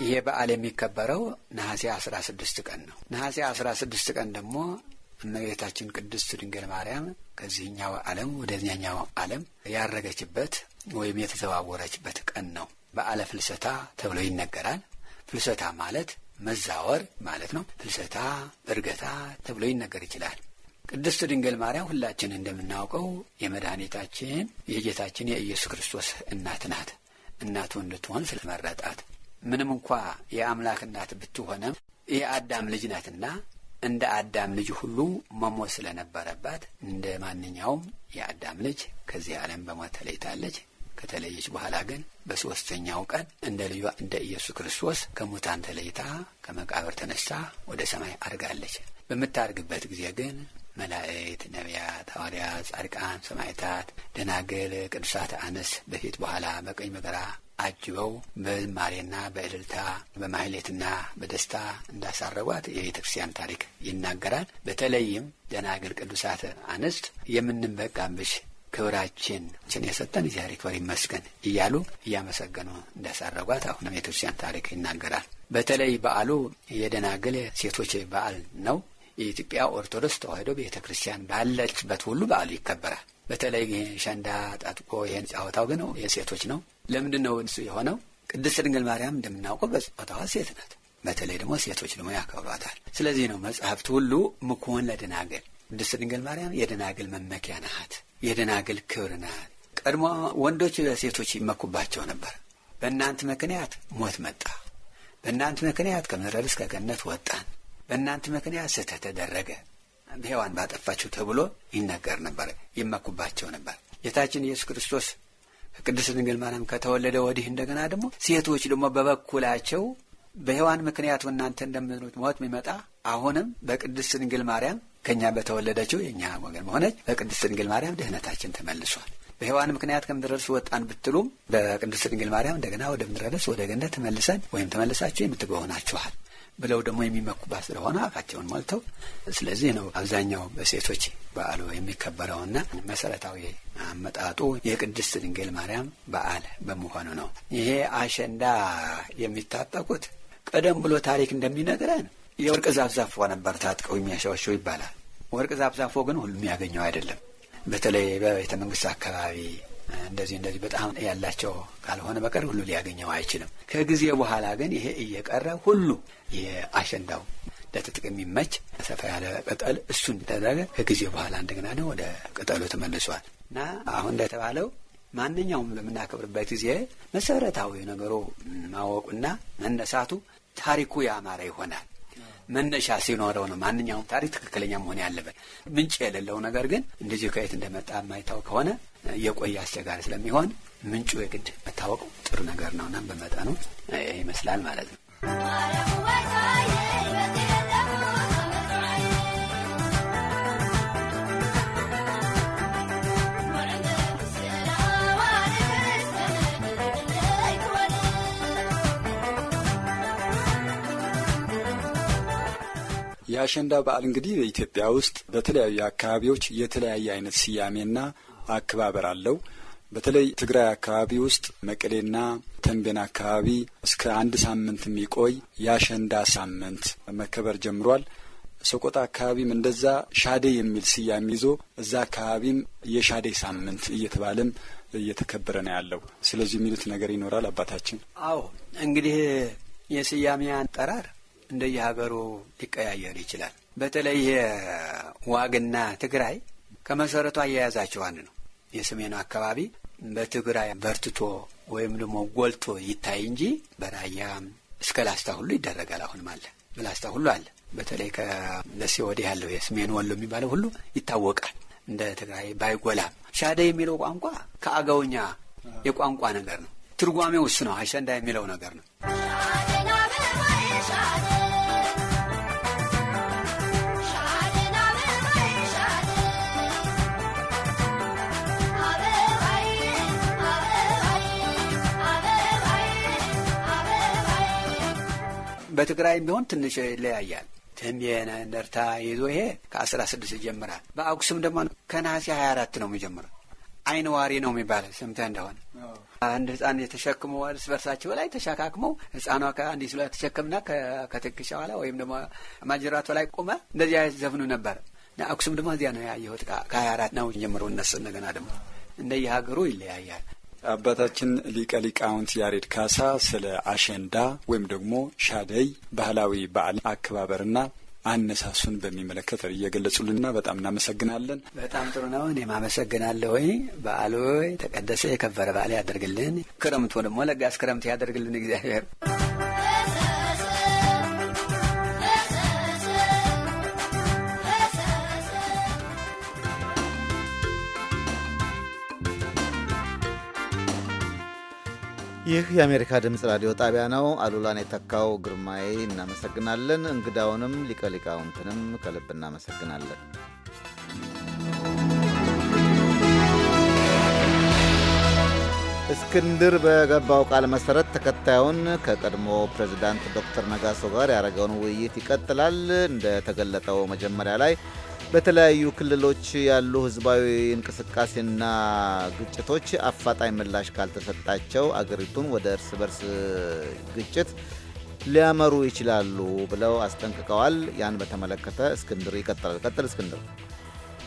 ይሄ በዓል የሚከበረው ነሐሴ 16 ስድስት ቀን ነው። ነሐሴ 16 ቀን ደግሞ እመቤታችን ቅድስት ድንግል ማርያም ከዚህኛው ዓለም ወደዚያኛው ዓለም ያረገችበት ወይም የተዘዋወረችበት ቀን ነው። በዓለ ፍልሰታ ተብሎ ይነገራል። ፍልሰታ ማለት መዛወር ማለት ነው። ፍልሰታ፣ እርገታ ተብሎ ይነገር ይችላል። ቅድስት ድንግል ማርያም ሁላችን እንደምናውቀው የመድኃኒታችን የጌታችን የኢየሱስ ክርስቶስ እናት ናት። እናቱ እንድትሆን ስለመረጣት ምንም እንኳ የአምላክ እናት ብትሆነም የአዳም ልጅ ናትና እንደ አዳም ልጅ ሁሉ መሞት ስለነበረባት እንደ ማንኛውም የአዳም ልጅ ከዚህ ዓለም በሞት ተለይታለች። ከተለየች በኋላ ግን በሶስተኛው ቀን እንደ ልዩ እንደ ኢየሱስ ክርስቶስ ከሙታን ተለይታ ከመቃብር ተነሳ ወደ ሰማይ አርጋለች። በምታርግበት ጊዜ ግን መላእክት፣ ነቢያት፣ ሐዋርያት፣ ጻድቃን፣ ሰማዕታት፣ ደናግል፣ ቅዱሳት አነስ በፊት በኋላ በቀኝ በግራ አጅበው በዝማሬና በእልልታ በማህሌትና በደስታ እንዳሳረጓት የቤተ ክርስቲያን ታሪክ ይናገራል። በተለይም ደናግል፣ ቅዱሳት አንስት የምንበቃብሽ ክብራችን ችን የሰጠን እግዚአብሔር ይክበር ይመስገን እያሉ እያመሰገኑ እንዳሳረጓት አሁንም ቤተክርስቲያን ታሪክ ይናገራል። በተለይ በዓሉ የደናግል ሴቶች በዓል ነው። የኢትዮጵያ ኦርቶዶክስ ተዋሕዶ ቤተ ክርስቲያን ባለችበት ሁሉ በዓሉ ይከበራል። በተለይ ሸንዳ ጣጥቆ ይህን ጫወታው ግን የሴቶች ነው። ለምንድን ነው እሱ የሆነው? ቅድስት ድንግል ማርያም እንደምናውቀው በጾታዋ ሴት ናት። በተለይ ደግሞ ሴቶች ደግሞ ያከብሯታል። ስለዚህ ነው መጽሐፍት ሁሉ ምኩን ለደናግል ቅድስት ድንግል ማርያም የደናግል መመኪያ ናት፣ የደናግል ክብር ናት። ቀድሞ ወንዶች ሴቶች ይመኩባቸው ነበር። በእናንት ምክንያት ሞት መጣ፣ በእናንት ምክንያት ከምድረ እስከ ገነት ወጣን፣ በእናንት ምክንያት ስህተት ተደረገ፣ ሔዋን ባጠፋችሁ ተብሎ ይነገር ነበር፣ ይመኩባቸው ነበር። ጌታችን ኢየሱስ ክርስቶስ ቅድስት ድንግል ማርያም ከተወለደ ወዲህ እንደገና ደግሞ ሴቶች ደግሞ በበኩላቸው በሔዋን ምክንያት እናንተ እንደምትሉት ሞት የሚመጣ አሁንም በቅድስት ድንግል ማርያም ከእኛ በተወለደችው የእኛ ወገን መሆነች በቅድስት ድንግል ማርያም ድህነታችን ተመልሷል። በሔዋን ምክንያት ከምድረርስ ወጣን ብትሉም በቅድስት ድንግል ማርያም እንደገና ወደ ምድረርስ ወደ ገነት ተመልሰን ወይም ተመልሳችሁ የምትገቡ ናችኋል ብለው ደግሞ የሚመኩባት ስለሆነ አፋቸውን ሞልተው ስለዚህ ነው አብዛኛው በሴቶች በዓሉ የሚከበረውና መሰረታዊ አመጣጡ የቅድስት ድንግል ማርያም በዓል በመሆኑ ነው። ይሄ አሸንዳ የሚታጠቁት ቀደም ብሎ ታሪክ እንደሚነግረን የወርቅ ዛፍ ነበር ታጥቀው የሚያሸዋሸው ይባላል። ወርቅ ዛፍ ዛፎ ግን ሁሉም ያገኘው አይደለም። በተለይ በቤተ መንግስት አካባቢ እንደዚህ እንደዚህ በጣም ያላቸው ካልሆነ በቀር ሁሉ ሊያገኘው አይችልም። ከጊዜ በኋላ ግን ይሄ እየቀረ ሁሉ የአሸንዳው ለትጥቅ የሚመች ሰፋ ያለ ቅጠል እሱ እንደተደረገ ከጊዜ በኋላ እንደገና ነው ወደ ቅጠሉ ተመልሷል እና አሁን እንደተባለው ማንኛውም በምናከብርበት ጊዜ መሰረታዊ ነገሩ ማወቁና መነሳቱ ታሪኩ ያማረ ይሆናል። መነሻ ሲኖረው ነው ማንኛውም ታሪክ ትክክለኛ መሆን ያለበት። ምንጭ የሌለው ነገር ግን እንደዚህ ከየት እንደመጣ የማይታው ከሆነ የቆየ አስቸጋሪ ስለሚሆን ምንጩ የግድ መታወቁ ጥሩ ነገር ነው። እናም በመጠኑ ይመስላል ማለት ነው። የአሸንዳ በዓል እንግዲህ በኢትዮጵያ ውስጥ በተለያዩ አካባቢዎች የተለያየ አይነት ስያሜና አከባበር አለው። በተለይ ትግራይ አካባቢ ውስጥ መቀሌና ተንቤን አካባቢ እስከ አንድ ሳምንት የሚቆይ የአሸንዳ ሳምንት መከበር ጀምሯል። ሰቆጣ አካባቢም እንደዛ ሻዴ የሚል ስያሜ ይዞ እዛ አካባቢም የሻዴ ሳምንት እየተባለም እየተከበረ ነው ያለው። ስለዚህ የሚሉት ነገር ይኖራል አባታችን። አዎ እንግዲህ የስያሜ አጠራር እንደየሀገሩ ሊቀያየር ይችላል። በተለይ ዋግና ትግራይ ከመሰረቱ አያያዛቸው አንድ ነው። የሰሜኑ አካባቢ በትግራይ በርትቶ ወይም ደግሞ ጎልቶ ይታይ እንጂ በራያም እስከ ላስታ ሁሉ ይደረጋል። አሁንም አለ፣ በላስታ ሁሉ አለ። በተለይ ከደሴ ወዲህ ያለው የሰሜን ወሎ የሚባለው ሁሉ ይታወቃል። እንደ ትግራይ ባይጎላም ሻደ የሚለው ቋንቋ ከአገውኛ የቋንቋ ነገር ነው። ትርጓሜው እሱ ነው። አሸንዳ የሚለው ነገር ነው። በትግራይም ቢሆን ትንሽ ይለያያል። ትምየነ እንደርታ ይዞ ይሄ ከአስራ ስድስት ይጀምራል። በአክሱም ደግሞ ከነሐሴ ሀያ አራት ነው የሚጀምረው። አይን ዋሪ ነው የሚባለው ሰምተህ እንደሆነ አንድ ህፃን የተሸክመው እርስ በርሳቸው ላይ ተሸካክመው ህፃኗ ከአንዲቱ ላይ ተሸክምና ከትክሻ ኋላ ወይም ደግሞ ማጅራቷ ላይ ቆመ እንደዚያ ዘፍኑ ነበር። አክሱም ደግሞ እዚያ ነው ያየሁት። ከሀያ አራት ነው ጀምሮ እነሱ እንደገና ደግሞ እንደየ ሀገሩ ይለያያል። አባታችን ሊቀ ሊቃውንት ያሬድ ካሳ ስለ አሸንዳ ወይም ደግሞ ሻደይ ባህላዊ በዓል አከባበርና አነሳሱን በሚመለከት እየገለጹልንና በጣም እናመሰግናለን። በጣም ጥሩ ነው። እኔም አመሰግናለሁ። በዓሉ የተቀደሰ የከበረ በዓል ያደርግልን። ክረምቱ ደግሞ ለጋስ ክረምት ያደርግልን እግዚአብሔር ይህ የአሜሪካ ድምፅ ራዲዮ ጣቢያ ነው። አሉላን የተካው ግርማዬ እናመሰግናለን። እንግዳውንም ሊቀ ሊቃውንትንም ከልብ እናመሰግናለን። እስክንድር በገባው ቃል መሰረት ተከታዩን ከቀድሞ ፕሬዚዳንት ዶክተር ነጋሶ ጋር ያደረገውን ውይይት ይቀጥላል። እንደተገለጠው መጀመሪያ ላይ በተለያዩ ክልሎች ያሉ ህዝባዊ እንቅስቃሴና ግጭቶች አፋጣኝ ምላሽ ካልተሰጣቸው አገሪቱን ወደ እርስ በርስ ግጭት ሊያመሩ ይችላሉ ብለው አስጠንቅቀዋል። ያን በተመለከተ እስክንድር ይቀጥላል። ቀጥል እስክንድር።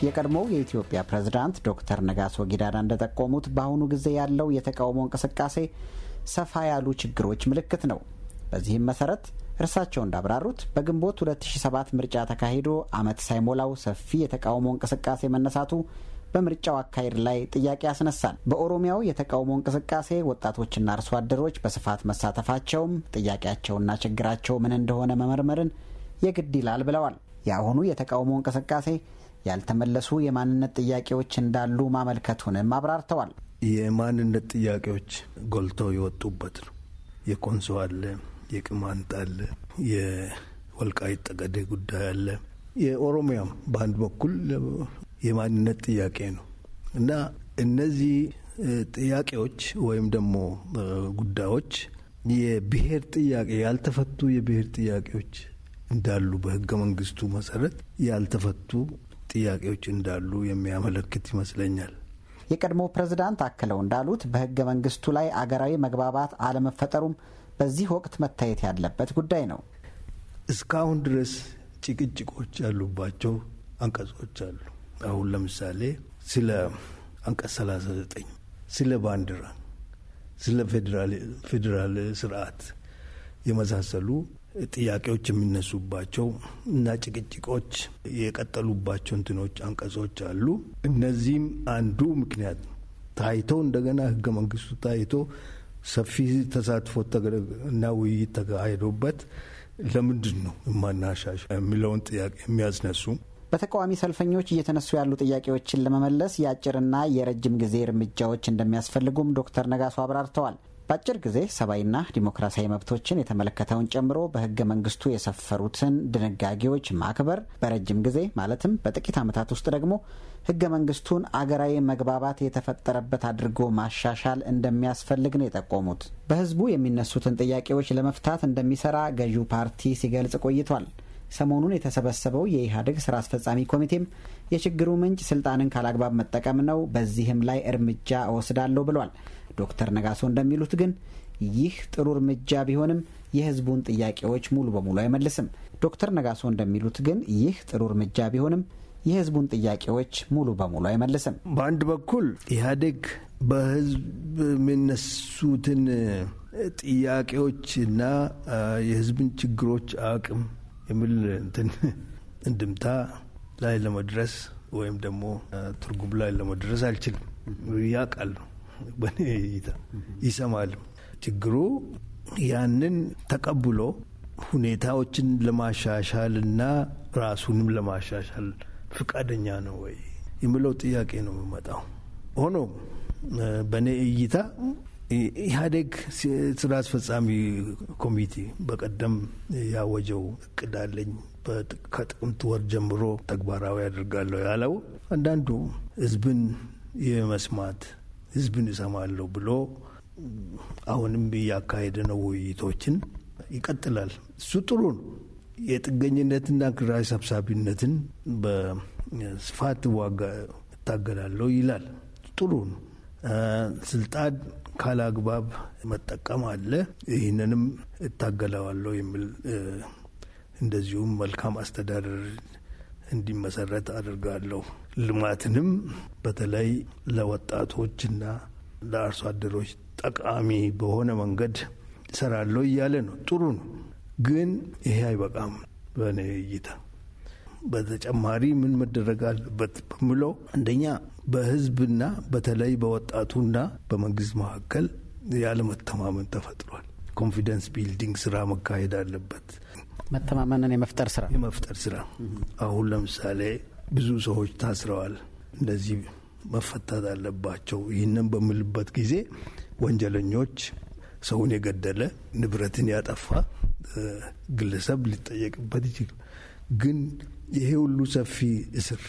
የቀድሞው የኢትዮጵያ ፕሬዝዳንት ዶክተር ነጋሶ ጊዳዳ እንደጠቆሙት በአሁኑ ጊዜ ያለው የተቃውሞ እንቅስቃሴ ሰፋ ያሉ ችግሮች ምልክት ነው። በዚህም መሰረት እርሳቸው እንዳብራሩት በግንቦት 2007 ምርጫ ተካሂዶ ዓመት ሳይሞላው ሰፊ የተቃውሞ እንቅስቃሴ መነሳቱ በምርጫው አካሄድ ላይ ጥያቄ ያስነሳል። በኦሮሚያው የተቃውሞ እንቅስቃሴ ወጣቶችና አርሶ አደሮች በስፋት መሳተፋቸውም ጥያቄያቸውና ችግራቸው ምን እንደሆነ መመርመርን የግድ ይላል ብለዋል። የአሁኑ የተቃውሞ እንቅስቃሴ ያልተመለሱ የማንነት ጥያቄዎች እንዳሉ ማመልከቱንም አብራርተዋል። የማንነት ጥያቄዎች ጎልተው የወጡበት ነው። የኮንሶ አለ፣ የቅማንት አለ፣ የወልቃይት ጠገዴ ጉዳይ አለ። የኦሮሚያም በአንድ በኩል የማንነት ጥያቄ ነው እና እነዚህ ጥያቄዎች ወይም ደግሞ ጉዳዮች የብሔር ጥያቄ ያልተፈቱ የብሔር ጥያቄዎች እንዳሉ በህገ መንግስቱ መሰረት ያልተፈቱ ጥያቄዎች እንዳሉ የሚያመለክት ይመስለኛል። የቀድሞ ፕሬዝዳንት አክለው እንዳሉት በህገ መንግስቱ ላይ አገራዊ መግባባት አለመፈጠሩም በዚህ ወቅት መታየት ያለበት ጉዳይ ነው። እስካሁን ድረስ ጭቅጭቆች ያሉባቸው አንቀጾች አሉ። አሁን ለምሳሌ ስለ አንቀጽ 39 ስለ ባንዲራ፣ ስለ ፌዴራል ስርዓት የመሳሰሉ ጥያቄዎች የሚነሱባቸው እና ጭቅጭቆች የቀጠሉባቸው እንትኖች አንቀጾች አሉ። እነዚህም አንዱ ምክንያት ታይቶ እንደገና ህገ መንግስቱ ታይቶ ሰፊ ተሳትፎ እና ውይይት ተካሂዶበት ለምንድን ነው የማናሻሽ የሚለውን ጥያቄ የሚያስነሱ በተቃዋሚ ሰልፈኞች እየተነሱ ያሉ ጥያቄዎችን ለመመለስ የአጭርና የረጅም ጊዜ እርምጃዎች እንደሚያስፈልጉም ዶክተር ነጋሶ አብራርተዋል። በአጭር ጊዜ ሰብአዊና ዲሞክራሲያዊ መብቶችን የተመለከተውን ጨምሮ በህገ መንግስቱ የሰፈሩትን ድንጋጌዎች ማክበር፣ በረጅም ጊዜ ማለትም በጥቂት ዓመታት ውስጥ ደግሞ ህገ መንግስቱን አገራዊ መግባባት የተፈጠረበት አድርጎ ማሻሻል እንደሚያስፈልግ ነው የጠቆሙት። በህዝቡ የሚነሱትን ጥያቄዎች ለመፍታት እንደሚሰራ ገዢው ፓርቲ ሲገልጽ ቆይቷል። ሰሞኑን የተሰበሰበው የኢህአዴግ ስራ አስፈጻሚ ኮሚቴም የችግሩ ምንጭ ስልጣንን ካላግባብ መጠቀም ነው፣ በዚህም ላይ እርምጃ እወስዳለሁ ብሏል። ዶክተር ነጋሶ እንደሚሉት ግን ይህ ጥሩ እርምጃ ቢሆንም የህዝቡን ጥያቄዎች ሙሉ በሙሉ አይመልስም። ዶክተር ነጋሶ እንደሚሉት ግን ይህ ጥሩ እርምጃ ቢሆንም የህዝቡን ጥያቄዎች ሙሉ በሙሉ አይመልስም። በአንድ በኩል ኢህአዴግ በህዝብ የሚነሱትን ጥያቄዎችና የህዝብን ችግሮች አቅም የሚል እንትን እንድምታ ላይ ለመድረስ ወይም ደግሞ ትርጉም ላይ ለመድረስ አልችልም ያውቃሉ። በእኔ እይታ ይሰማሉ። ችግሩ ያንን ተቀብሎ ሁኔታዎችን ለማሻሻል እና ራሱንም ለማሻሻል ፍቃደኛ ነው ወይ የምለው ጥያቄ ነው የሚመጣው። ሆኖም በእኔ እይታ ኢህአዴግ ስራ አስፈጻሚ ኮሚቴ በቀደም ያወጀው እቅድ አለኝ ከጥቅምት ወር ጀምሮ ተግባራዊ ያደርጋለሁ ያለው አንዳንዱ ህዝብን የመስማት ህዝብን እሰማለሁ ብሎ አሁንም እያካሄደ ነው ውይይቶችን ይቀጥላል። እሱ ጥሩ ነው። የጥገኝነትና ኪራይ ሰብሳቢነትን በስፋት ዋጋ እታገላለሁ ይላል። ጥሩ ነው። ስልጣን አግባብ መጠቀም አለ። ይህንንም እታገለዋለሁ የሚል እንደዚሁም መልካም አስተዳደር እንዲመሰረት አድርጋለሁ። ልማትንም በተለይ ለወጣቶችና ለአርሶ አደሮች ጠቃሚ በሆነ መንገድ ይሰራለሁ እያለ ነው። ጥሩ ነው፣ ግን ይሄ አይበቃም በእኔ እይታ። በተጨማሪ ምን መደረግ አለበት በምለው አንደኛ በህዝብና በተለይ በወጣቱና በመንግስት መካከል ያለመተማመን ተፈጥሯል። ኮንፊደንስ ቢልዲንግ ስራ መካሄድ አለበት። መተማመንን የመፍጠር ስራ የመፍጠር ስራ አሁን ለምሳሌ ብዙ ሰዎች ታስረዋል። እንደዚህ መፈታት አለባቸው። ይህንን በምልበት ጊዜ ወንጀለኞች ሰውን የገደለ ንብረትን ያጠፋ ግለሰብ ሊጠየቅበት ይችላል። ግን ይሄ ሁሉ ሰፊ እስር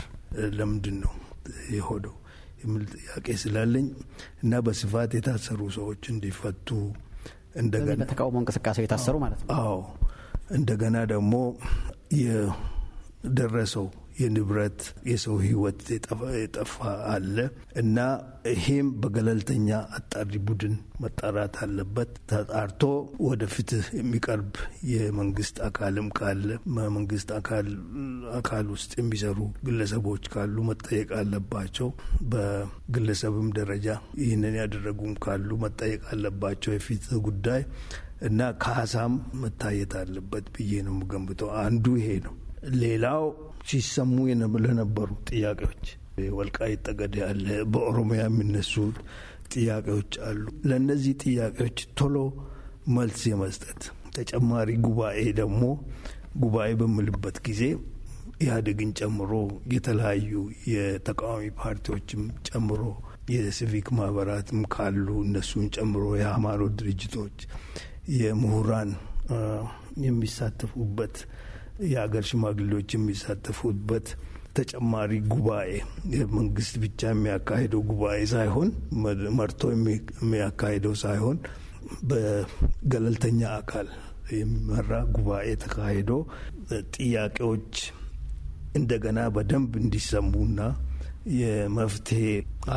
ለምንድን ነው የሆነው የሚል ጥያቄ ስላለኝ እና በስፋት የታሰሩ ሰዎች እንዲፈቱ እንደገና በተቃውሞ እንቅስቃሴ የታሰሩ ማለት ነው። አዎ እንደገና ደግሞ የደረሰው የንብረት የሰው ህይወት የጠፋ አለ እና ይሄም በገለልተኛ አጣሪ ቡድን መጣራት አለበት። ተጣርቶ ወደ ፍትህ የሚቀርብ የመንግስት አካልም ካለ በመንግስት አካል ውስጥ የሚሰሩ ግለሰቦች ካሉ መጠየቅ አለባቸው። በግለሰብም ደረጃ ይህንን ያደረጉም ካሉ መጠየቅ አለባቸው። የፍትህ ጉዳይ እና ካሳም መታየት አለበት ብዬ ነው ገንብተው አንዱ ይሄ ነው። ሌላው ሲሰሙ ለነበሩ ጥያቄዎች ወልቃይት ጠገዴ ያለ በኦሮሚያ የሚነሱ ጥያቄዎች አሉ። ለእነዚህ ጥያቄዎች ቶሎ መልስ የመስጠት ተጨማሪ ጉባኤ ደግሞ ጉባኤ በምልበት ጊዜ ኢህአዴግን ጨምሮ የተለያዩ የተቃዋሚ ፓርቲዎችም ጨምሮ የሲቪክ ማህበራትም ካሉ እነሱን ጨምሮ የሃይማኖት ድርጅቶች የምሁራን የሚሳተፉበት የሀገር ሽማግሌዎች የሚሳተፉበት ተጨማሪ ጉባኤ መንግስት ብቻ የሚያካሄደው ጉባኤ ሳይሆን መርቶ የሚያካሄደው ሳይሆን በገለልተኛ አካል የሚመራ ጉባኤ ተካሂዶ ጥያቄዎች እንደገና በደንብ እንዲሰሙና የመፍትሄ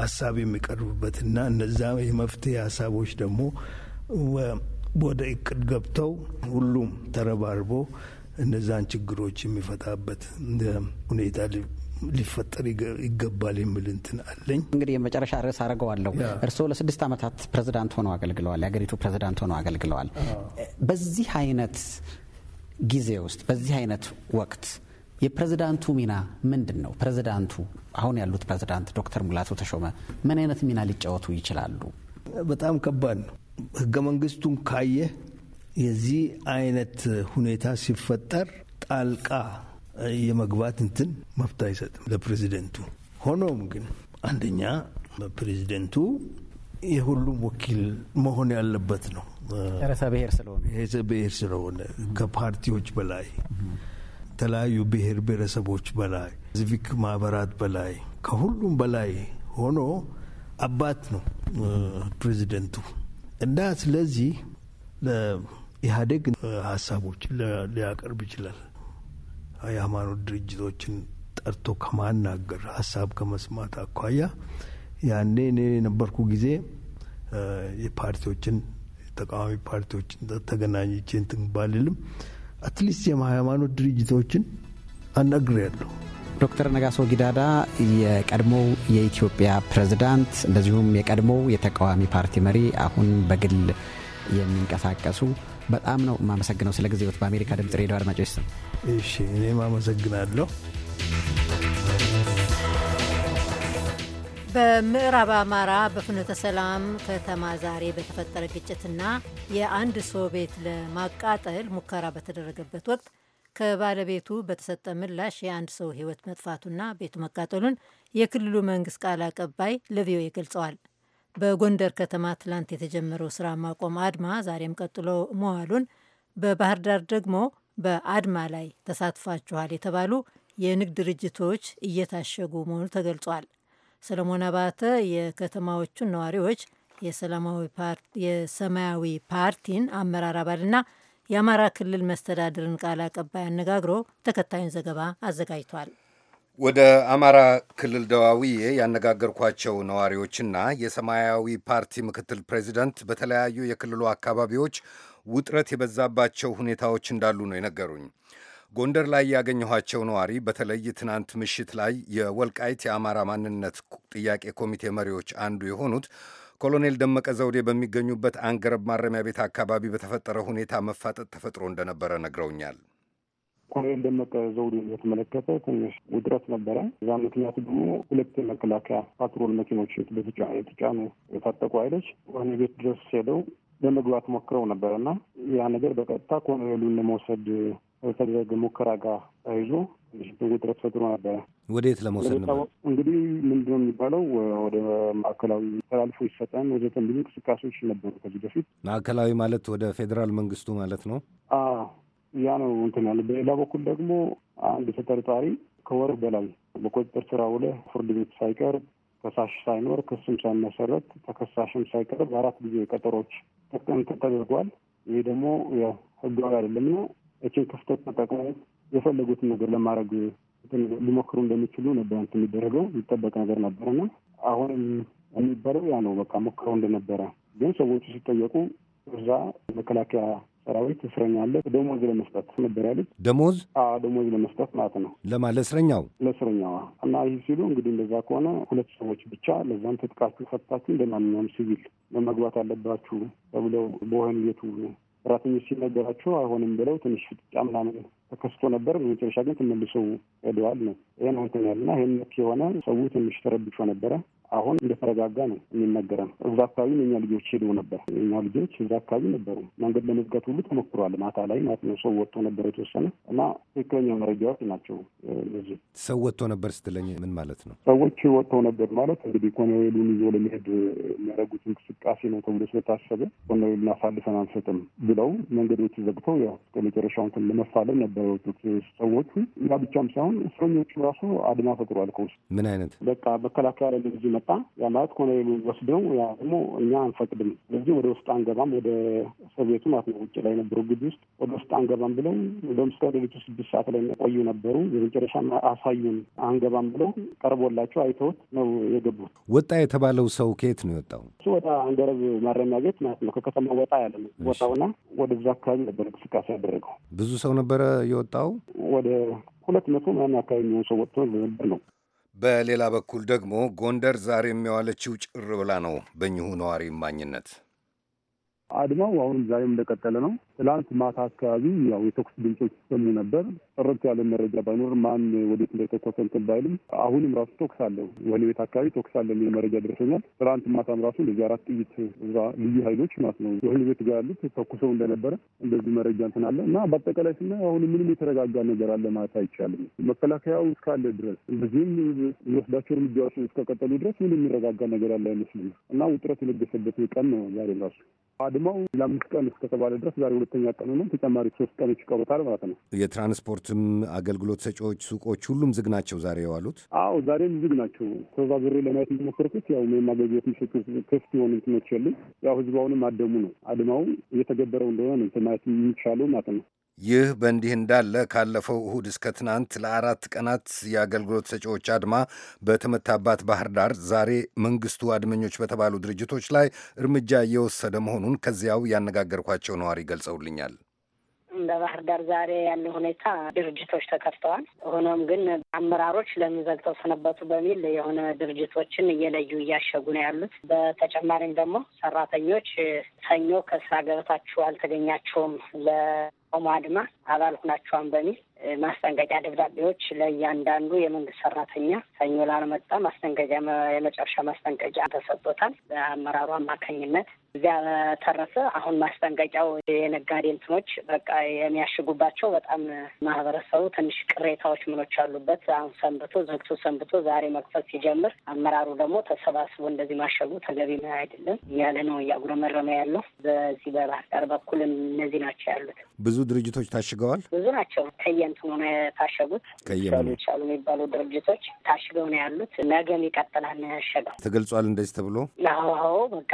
ሀሳብ የሚቀርብበትና እነዛ የመፍትሄ ሀሳቦች ደግሞ ወደ እቅድ ገብተው ሁሉም ተረባርቦ እነዛን ችግሮች የሚፈታበት ሁኔታ ሊፈጠር ይገባል የሚል እንትን አለኝ። እንግዲህ የመጨረሻ ርዕስ አድርገዋለሁ። እርስዎ ለስድስት ዓመታት ፕሬዚዳንት ሆነው አገልግለዋል። የሀገሪቱ ፕሬዚዳንት ሆነው አገልግለዋል። በዚህ አይነት ጊዜ ውስጥ በዚህ አይነት ወቅት የፕሬዝዳንቱ ሚና ምንድን ነው? ፕሬዝዳንቱ አሁን ያሉት ፕሬዝዳንት ዶክተር ሙላቱ ተሾመ ምን አይነት ሚና ሊጫወቱ ይችላሉ? በጣም ከባድ ነው። ህገ መንግስቱን ካየ የዚህ አይነት ሁኔታ ሲፈጠር ጣልቃ የመግባት እንትን መፍታ አይሰጥም ለፕሬዚደንቱ። ሆኖም ግን አንደኛ ፕሬዚደንቱ የሁሉም ወኪል መሆን ያለበት ነው። ርዕሰ ብሔር ስለሆነ ርዕሰ ብሔር ስለሆነ ከፓርቲዎች በላይ የተለያዩ ብሔር ብሔረሰቦች በላይ ሲቪክ ማህበራት በላይ ከሁሉም በላይ ሆኖ አባት ነው ፕሬዚደንቱ። እና ስለዚህ ኢህአዴግ ሀሳቦች ሊያቀርብ ይችላል። የሃይማኖት ድርጅቶችን ጠርቶ ከማናገር ሀሳብ ከመስማት አኳያ ያኔ እኔ የነበርኩ ጊዜ የፓርቲዎችን ተቃዋሚ ፓርቲዎችን ተገናኝቼ እንትን ባልልም አትሊስት የሃይማኖት ድርጅቶችን አናግሬያለሁ። ዶክተር ነጋሶ ጊዳዳ የቀድሞው የኢትዮጵያ ፕሬዝዳንት እንደዚሁም የቀድሞው የተቃዋሚ ፓርቲ መሪ አሁን በግል የሚንቀሳቀሱ በጣም ነው የማመሰግነው ስለ ጊዜዎት በአሜሪካ ድምፅ ሬዲዮ አድማጮች ስም። እሺ እኔም አመሰግናለሁ። በምዕራብ አማራ በፍኖተ ሰላም ከተማ ዛሬ በተፈጠረ ግጭትና የአንድ ሰው ቤት ለማቃጠል ሙከራ በተደረገበት ወቅት ከባለቤቱ በተሰጠ ምላሽ የአንድ ሰው ህይወት መጥፋቱና ቤቱ መቃጠሉን የክልሉ መንግስት ቃል አቀባይ ለቪኦኤ ገልጸዋል። በጎንደር ከተማ ትላንት የተጀመረው ስራ ማቆም አድማ ዛሬም ቀጥሎ መዋሉን፣ በባህር ዳር ደግሞ በአድማ ላይ ተሳትፋችኋል የተባሉ የንግድ ድርጅቶች እየታሸጉ መሆኑ ተገልጿል። ሰለሞን አባተ የከተማዎቹን ነዋሪዎች የሰማያዊ ፓርቲን አመራር አባልና የአማራ ክልል መስተዳድርን ቃል አቀባይ አነጋግሮ ተከታዩን ዘገባ አዘጋጅቷል። ወደ አማራ ክልል ደዋዊዬ ያነጋገርኳቸው ነዋሪዎችና የሰማያዊ ፓርቲ ምክትል ፕሬዚደንት በተለያዩ የክልሉ አካባቢዎች ውጥረት የበዛባቸው ሁኔታዎች እንዳሉ ነው የነገሩኝ። ጎንደር ላይ ያገኘኋቸው ነዋሪ በተለይ ትናንት ምሽት ላይ የወልቃይት የአማራ ማንነት ጥያቄ ኮሚቴ መሪዎች አንዱ የሆኑት ኮሎኔል ደመቀ ዘውዴ በሚገኙበት አንገረብ ማረሚያ ቤት አካባቢ በተፈጠረ ሁኔታ መፋጠጥ ተፈጥሮ እንደነበረ ነግረውኛል። ኮሎኔል ደመቀ ዘውዴ በተመለከተ ትንሽ ውጥረት ነበረ። እዛ ምክንያቱ ደግሞ ሁለት የመከላከያ ፓትሮል መኪኖች የተጫኑ የታጠቁ ኃይሎች ወህኒ ቤት ድረስ ሄደው ለመግባት ሞክረው ነበረ እና ያ ነገር በቀጥታ ኮሎኔሉን ለመውሰድ ከተደረገ ሙከራ ጋር ተያይዞ ውጥረት ፈጥሮ ነበረ። ወዴት ለመውሰድ ነበር እንግዲህ ምንድነው የሚባለው ወደ ማዕከላዊ ተላልፎ ይሰጠን ወዘተ ብዙ እንቅስቃሴዎች ነበሩ ከዚህ በፊት። ማዕከላዊ ማለት ወደ ፌዴራል መንግስቱ ማለት ነው። ያ ነው እንትን ያለ። በሌላ በኩል ደግሞ አንድ ተጠርጣሪ ከወር በላይ በቁጥጥር ስር ውለህ ፍርድ ቤት ሳይቀርብ ከሳሽ ሳይኖር ክስም ሳይመሰረት ተከሳሽም ሳይቀርብ አራት ጊዜ ቀጠሮች ተደርጓል። ይህ ደግሞ ህጋዊ አይደለም ነው እችን ክፍተት ተጠቅሞ የፈለጉትን ነገር ለማድረግ ሊሞክሩ እንደሚችሉ ነበር እንትን የሚደረገው የሚጠበቅ ነገር ነበርና አሁንም የሚባለው ያ ነው። በቃ ሞክረው እንደነበረ ግን ሰዎቹ ሲጠየቁ እዛ መከላከያ ሰራዊት እስረኛ አለ ደሞዝ ለመስጠት ነበር ያሉት። ደሞዝ ደሞዝ ለመስጠት ማለት ነው። ለማ ለእስረኛው ለእስረኛው እና ይህ ሲሉ እንግዲህ እንደዛ ከሆነ ሁለት ሰዎች ብቻ ለዛም ትጥቃችሁ ፈታችሁ እንደማንኛውም ሲቪል ለመግባት አለባችሁ ተብለው በወህኒ ቤቱ ሰራተኞች ሲነገራቸው አይሆንም ብለው ትንሽ ፍጥጫ ምናምን ተከስቶ ነበር። በመጨረሻ ግን ትመልሰው ሄደዋል ነው ይህን ሆንተኛል እና ይህን ነክ የሆነ ሰው ትንሽ ተረብሾ ነበረ። አሁን እንደተረጋጋ ነው የሚነገረን። እዛ አካባቢ እኛ ልጆች ሄደው ነበር። እኛ ልጆች እዛ አካባቢ ነበሩ። መንገድ ለመዝጋት ሁሉ ተሞክሯል። ማታ ላይ ማለት ነው። ሰው ወጥቶ ነበር የተወሰነ እና ትክክለኛ መረጃዎች ናቸው። ሰው ወጥቶ ነበር ስትለኝ ምን ማለት ነው? ሰዎች ወጥተው ነበር ማለት እንግዲህ ኮሎኔሉን ይዞ ለመሄድ የሚያደርጉት እንቅስቃሴ ነው ተብሎ ስለታሰበ ኮሎኔሉን አሳልፈን አንሰጥም ብለው መንገዶች ዘግተው ያው መጨረሻውን ለመፋለም ነበር የወጡት ሰዎቹ። ያ ብቻም ሳይሆን እስረኞቹ ራሱ አድማ ፈጥሯል። ከውስጥ ምን አይነት በቃ መከላከያ ላይ ከመጣ ያ ማለት ኮሎኔል ወስደው ያ ደግሞ እኛ አንፈቅድም፣ ስለዚህ ወደ ውስጥ አንገባም፣ ወደ ሶቪየቱ ማለት ነው ውጭ ላይ ነበሩ ግቢ ውስጥ ወደ ውስጥ አንገባም ብለው ለምስከ ሌሊቱ ስድስት ሰዓት ላይ ቆዩ ነበሩ። የመጨረሻ አሳዩን አንገባም ብለው ቀርቦላቸው አይተውት ነው የገቡት። ወጣ የተባለው ሰው ከየት ነው የወጣው? እሱ ወደ አንገረብ ማረሚያ ቤት ማለት ነው ከከተማ ወጣ ያለ ነው ወደዛ አካባቢ ነበር እንቅስቃሴ ያደረገው። ብዙ ሰው ነበረ የወጣው ወደ ሁለት መቶ ምናምን አካባቢ የሚሆን ሰው ወጥቶ ነበር ነው በሌላ በኩል ደግሞ ጎንደር ዛሬ የሚዋለችው ጭር ብላ ነው። በእኚሁ ነዋሪ ማኝነት አድማው አሁን ዛሬም እንደቀጠለ ነው። ትላንት ማታ አካባቢ ያው የተኩስ ድምጾች ይሰሙ ነበር። ጥርት ያለ መረጃ ባይኖር ማን ወዴት እንደተኮሰ እንትን ባይልም አሁንም ራሱ ተኩስ አለው። ወህኒ ቤት አካባቢ ተኩስ አለ የሚል መረጃ ደርሶኛል። ትላንት ማታም ራሱ እንደዚህ አራት ጥይት እዛ ልዩ ኃይሎች ማለት ነው ወህኒ ቤት ጋር ያሉት ተኩሰው እንደነበረ እንደዚህ መረጃ እንትን አለ እና በአጠቃላይ ስና አሁን ምንም የተረጋጋ ነገር አለ ማለት አይቻልም። መከላከያው እስካለ ድረስ እንደዚህም የሚወስዳቸው እርምጃዎች እስከቀጠሉ ድረስ ምንም የሚረጋጋ ነገር አለ አይመስልም እና ውጥረት የለገሰበት ቀን ነው ዛሬ ራሱ አድማው ለአምስት ቀን እስከተባለ ድረስ ዛሬ ሁለተኛ ቀኑ ነው። ተጨማሪ ሶስት ቀኖች ይቀሩታል ማለት ነው። የትራንስፖርትም አገልግሎት ሰጪዎች፣ ሱቆች ሁሉም ዝግ ናቸው ዛሬ የዋሉት? አዎ ዛሬም ዝግ ናቸው። ተዛዙሬ ለማየት እንደሞከርኩት ያው ም አገልግሎት የሚሰጡ ክፍት የሆኑ እንትኖች የሉም። ያው ህዝባውንም አደሙ ነው አድማው እየተገበረው እንደሆነ ነው ማየት የሚቻለው ማለት ነው። ይህ በእንዲህ እንዳለ ካለፈው እሁድ እስከ ትናንት ለአራት ቀናት የአገልግሎት ሰጪዎች አድማ በተመታባት ባህር ዳር ዛሬ መንግስቱ አድመኞች በተባሉ ድርጅቶች ላይ እርምጃ እየወሰደ መሆኑን ከዚያው ያነጋገርኳቸው ነዋሪ ገልጸውልኛል። በባህር ዳር ዛሬ ያለ ሁኔታ ድርጅቶች ተከፍተዋል። ሆኖም ግን አመራሮች ለምን ዘግተው ሰነበቱ በሚል የሆነ ድርጅቶችን እየለዩ እያሸጉ ነው ያሉት። በተጨማሪም ደግሞ ሰራተኞች ሰኞ ከስራ ገበታችሁ አልተገኛችሁም ለ ቆሞ አድማ አባል ሁናቸዋን በሚል ማስጠንቀቂያ ደብዳቤዎች ለእያንዳንዱ የመንግስት ሰራተኛ ሰኞ ላልመጣ ማስጠንቀቂያ የመጨረሻ ማስጠንቀቂያ ተሰጥቶታል በአመራሩ አማካኝነት። እዚያ በተረፈ አሁን ማስጠንቀቂያው የነጋዴ እንትኖች በቃ የሚያሽጉባቸው በጣም ማህበረሰቡ ትንሽ ቅሬታዎች ምኖች አሉበት። አሁን ሰንብቶ ዘግቶ ሰንብቶ ዛሬ መክፈት ሲጀምር አመራሩ ደግሞ ተሰባስቦ እንደዚህ ማሸጉ ተገቢ አይደለም እያለ ነው እያጉረመረመ ያለው። በዚህ በባህር ዳር በኩልም እነዚህ ናቸው ያሉት ብዙ ብዙ ድርጅቶች ታሽገዋል። ብዙ ናቸው። ከየእንትኑ ነው የታሸጉት። ይቻሉ የሚባሉ ድርጅቶች ታሽገው ነው ያሉት። ነገም ይቀጥላል። ነው ያሸገው ተገልጿል። እንደዚህ ተብሎ አዎ፣ በቃ